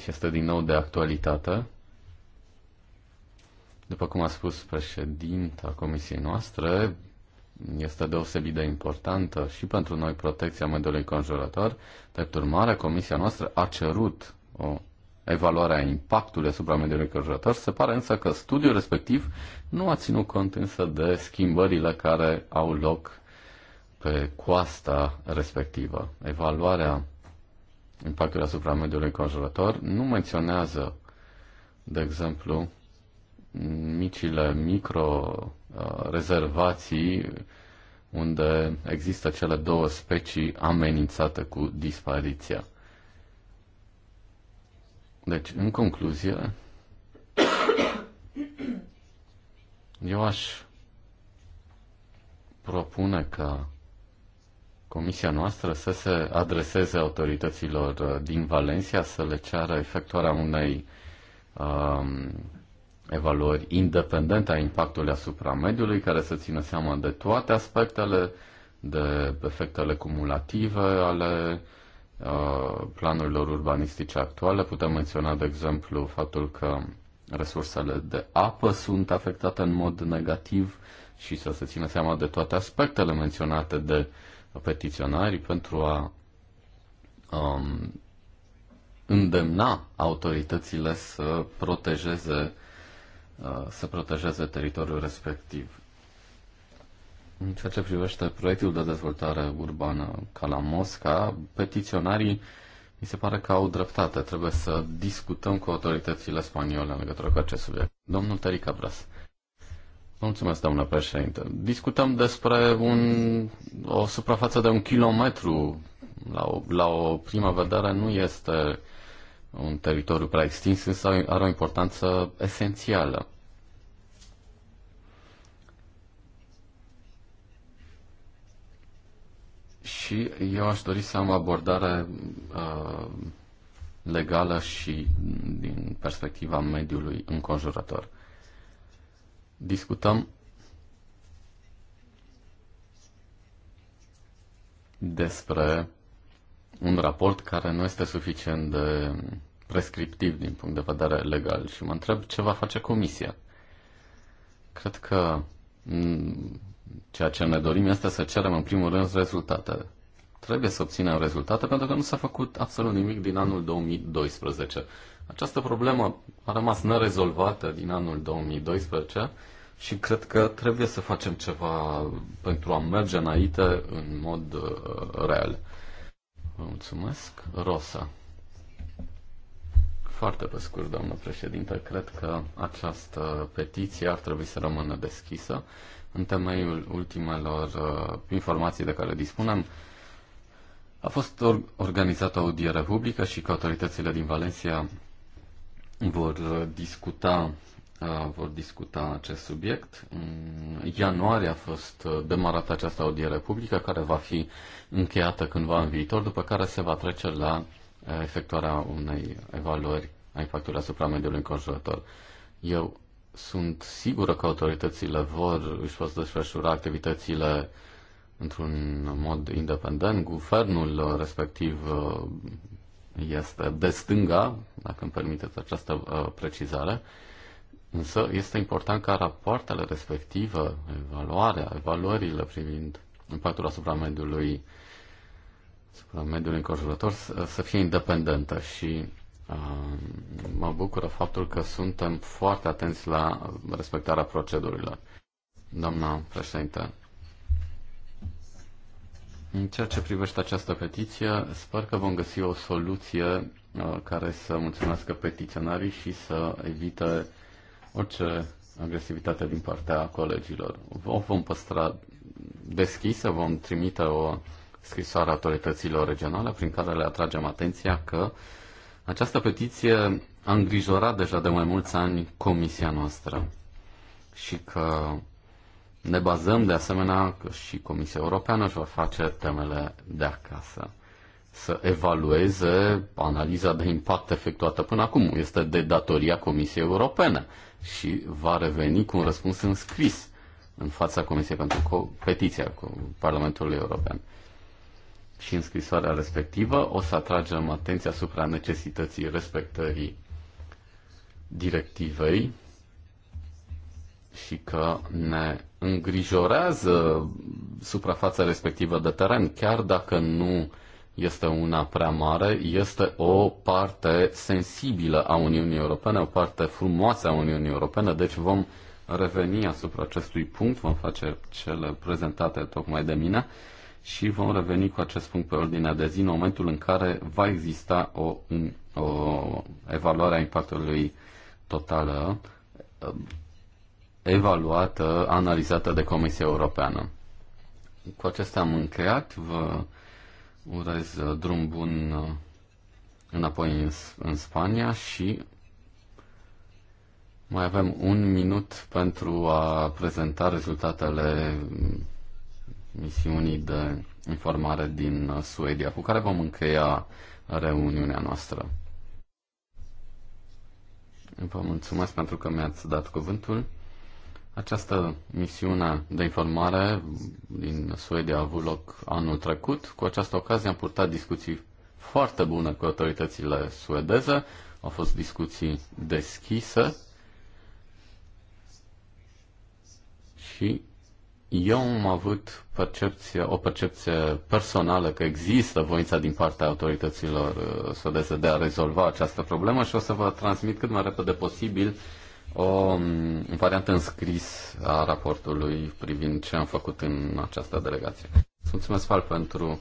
și este din nou de actualitate. După cum a spus președinta comisiei noastre, este deosebit de importantă și pentru noi protecția mediului conjurător. Drept urmare, comisia noastră a cerut o evaluare a impactului asupra mediului conjurător. Se pare însă că studiul respectiv nu a ținut cont însă de schimbările care au loc pe coasta respectivă. Evaluarea impactului asupra mediului conjurător nu menționează, de exemplu, micile micro uh, rezervații unde există cele două specii amenințate cu dispariția. Deci, în concluzie, (coughs) eu aș propune ca comisia noastră să se adreseze autorităților uh, din Valencia să le ceară efectuarea unei um, evaluări independente a impactului asupra mediului, care să țină seama de toate aspectele, de efectele cumulative ale uh, planurilor urbanistice actuale. Putem menționa, de exemplu, faptul că resursele de apă sunt afectate în mod negativ și să se țină seama de toate aspectele menționate de petiționari pentru a um, îndemna autoritățile să protejeze Uh, să protejeze teritoriul respectiv. În ceea ce privește proiectul de dezvoltare urbană ca la Mosca, petiționarii mi se pare că au dreptate. Trebuie să discutăm cu autoritățile spaniole în legătură cu acest subiect. Domnul Terica Bras. Mulțumesc, doamnă președinte. Discutăm despre un, o suprafață de un kilometru. La o, la o prima vedere nu este un teritoriu prea extins, însă are o importanță esențială. Și eu aș dori să am o abordare uh, legală și din perspectiva mediului înconjurător. Discutăm despre un raport care nu este suficient de prescriptiv din punct de vedere legal și mă întreb ce va face Comisia. Cred că ceea ce ne dorim este să cerem în primul rând rezultate. Trebuie să obținem rezultate pentru că nu s-a făcut absolut nimic din anul 2012. Această problemă a rămas nerezolvată din anul 2012 și cred că trebuie să facem ceva pentru a merge înainte în mod uh, real. Vă mulțumesc. Rosa. Foarte pe scurt, doamnă președinte, cred că această petiție ar trebui să rămână deschisă în temeiul ultimelor uh, informații de care dispunem. A fost or- organizată o audiere publică și că autoritățile din Valencia vor uh, discuta Uh, vor discuta acest subiect. În ianuarie a fost uh, demarată această audiere publică care va fi încheiată cândva în viitor, după care se va trece la uh, efectuarea unei evaluări a impactului asupra mediului înconjurător. Eu sunt sigură că autoritățile vor își vor desfășura activitățile într-un mod independent. Guvernul respectiv este de stânga, dacă îmi permiteți această precizare, Însă este important ca rapoartele respective, evaluarea, evaluările privind impactul asupra mediului, asupra mediului înconjurător să, fie independente și uh, mă bucură faptul că suntem foarte atenți la respectarea procedurilor. Doamna președinte, în ceea ce privește această petiție, sper că vom găsi o soluție uh, care să mulțumească petiționarii și să evite orice agresivitate din partea colegilor. O vom păstra deschisă, vom trimite o scrisoare autorităților regionale prin care le atragem atenția că această petiție a îngrijorat deja de mai mulți ani comisia noastră și că ne bazăm de asemenea că și Comisia Europeană își va face temele de acasă să evalueze analiza de impact efectuată până acum. Este de datoria Comisiei Europene și va reveni cu un răspuns în scris în fața Comisiei pentru Petiția cu Parlamentului European. Și în scrisoarea respectivă o să atragem atenția asupra necesității respectării directivei și că ne îngrijorează suprafața respectivă de teren, chiar dacă nu este una prea mare, este o parte sensibilă a Uniunii Europene, o parte frumoasă a Uniunii Europene, deci vom reveni asupra acestui punct, vom face cele prezentate tocmai de mine și vom reveni cu acest punct pe ordinea de zi în momentul în care va exista o, o evaluare a impactului totală evaluată, analizată de Comisia Europeană. Cu acestea am încheiat. Vă urez uh, drum bun uh, înapoi în, în Spania și mai avem un minut pentru a prezenta rezultatele misiunii de informare din uh, Suedia, cu care vom încheia reuniunea noastră. Vă mulțumesc pentru că mi-ați dat cuvântul. Această misiune de informare din Suedia a avut loc anul trecut. Cu această ocazie am purtat discuții foarte bune cu autoritățile suedeze. Au fost discuții deschise și eu am avut percepție, o percepție personală că există voința din partea autorităților uh, suedeze de a rezolva această problemă și o să vă transmit cât mai repede posibil uh, o um, variantă scris a raportului privind ce am făcut în această delegație. mulțumesc, Fal, pentru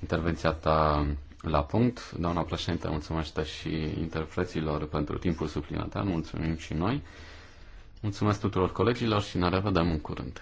intervenția ta la punct. Doamna președinte, mulțumesc și interpreților pentru timpul suplimentar. Mulțumim și noi. Mulțumesc tuturor colegilor și ne revedem în curând.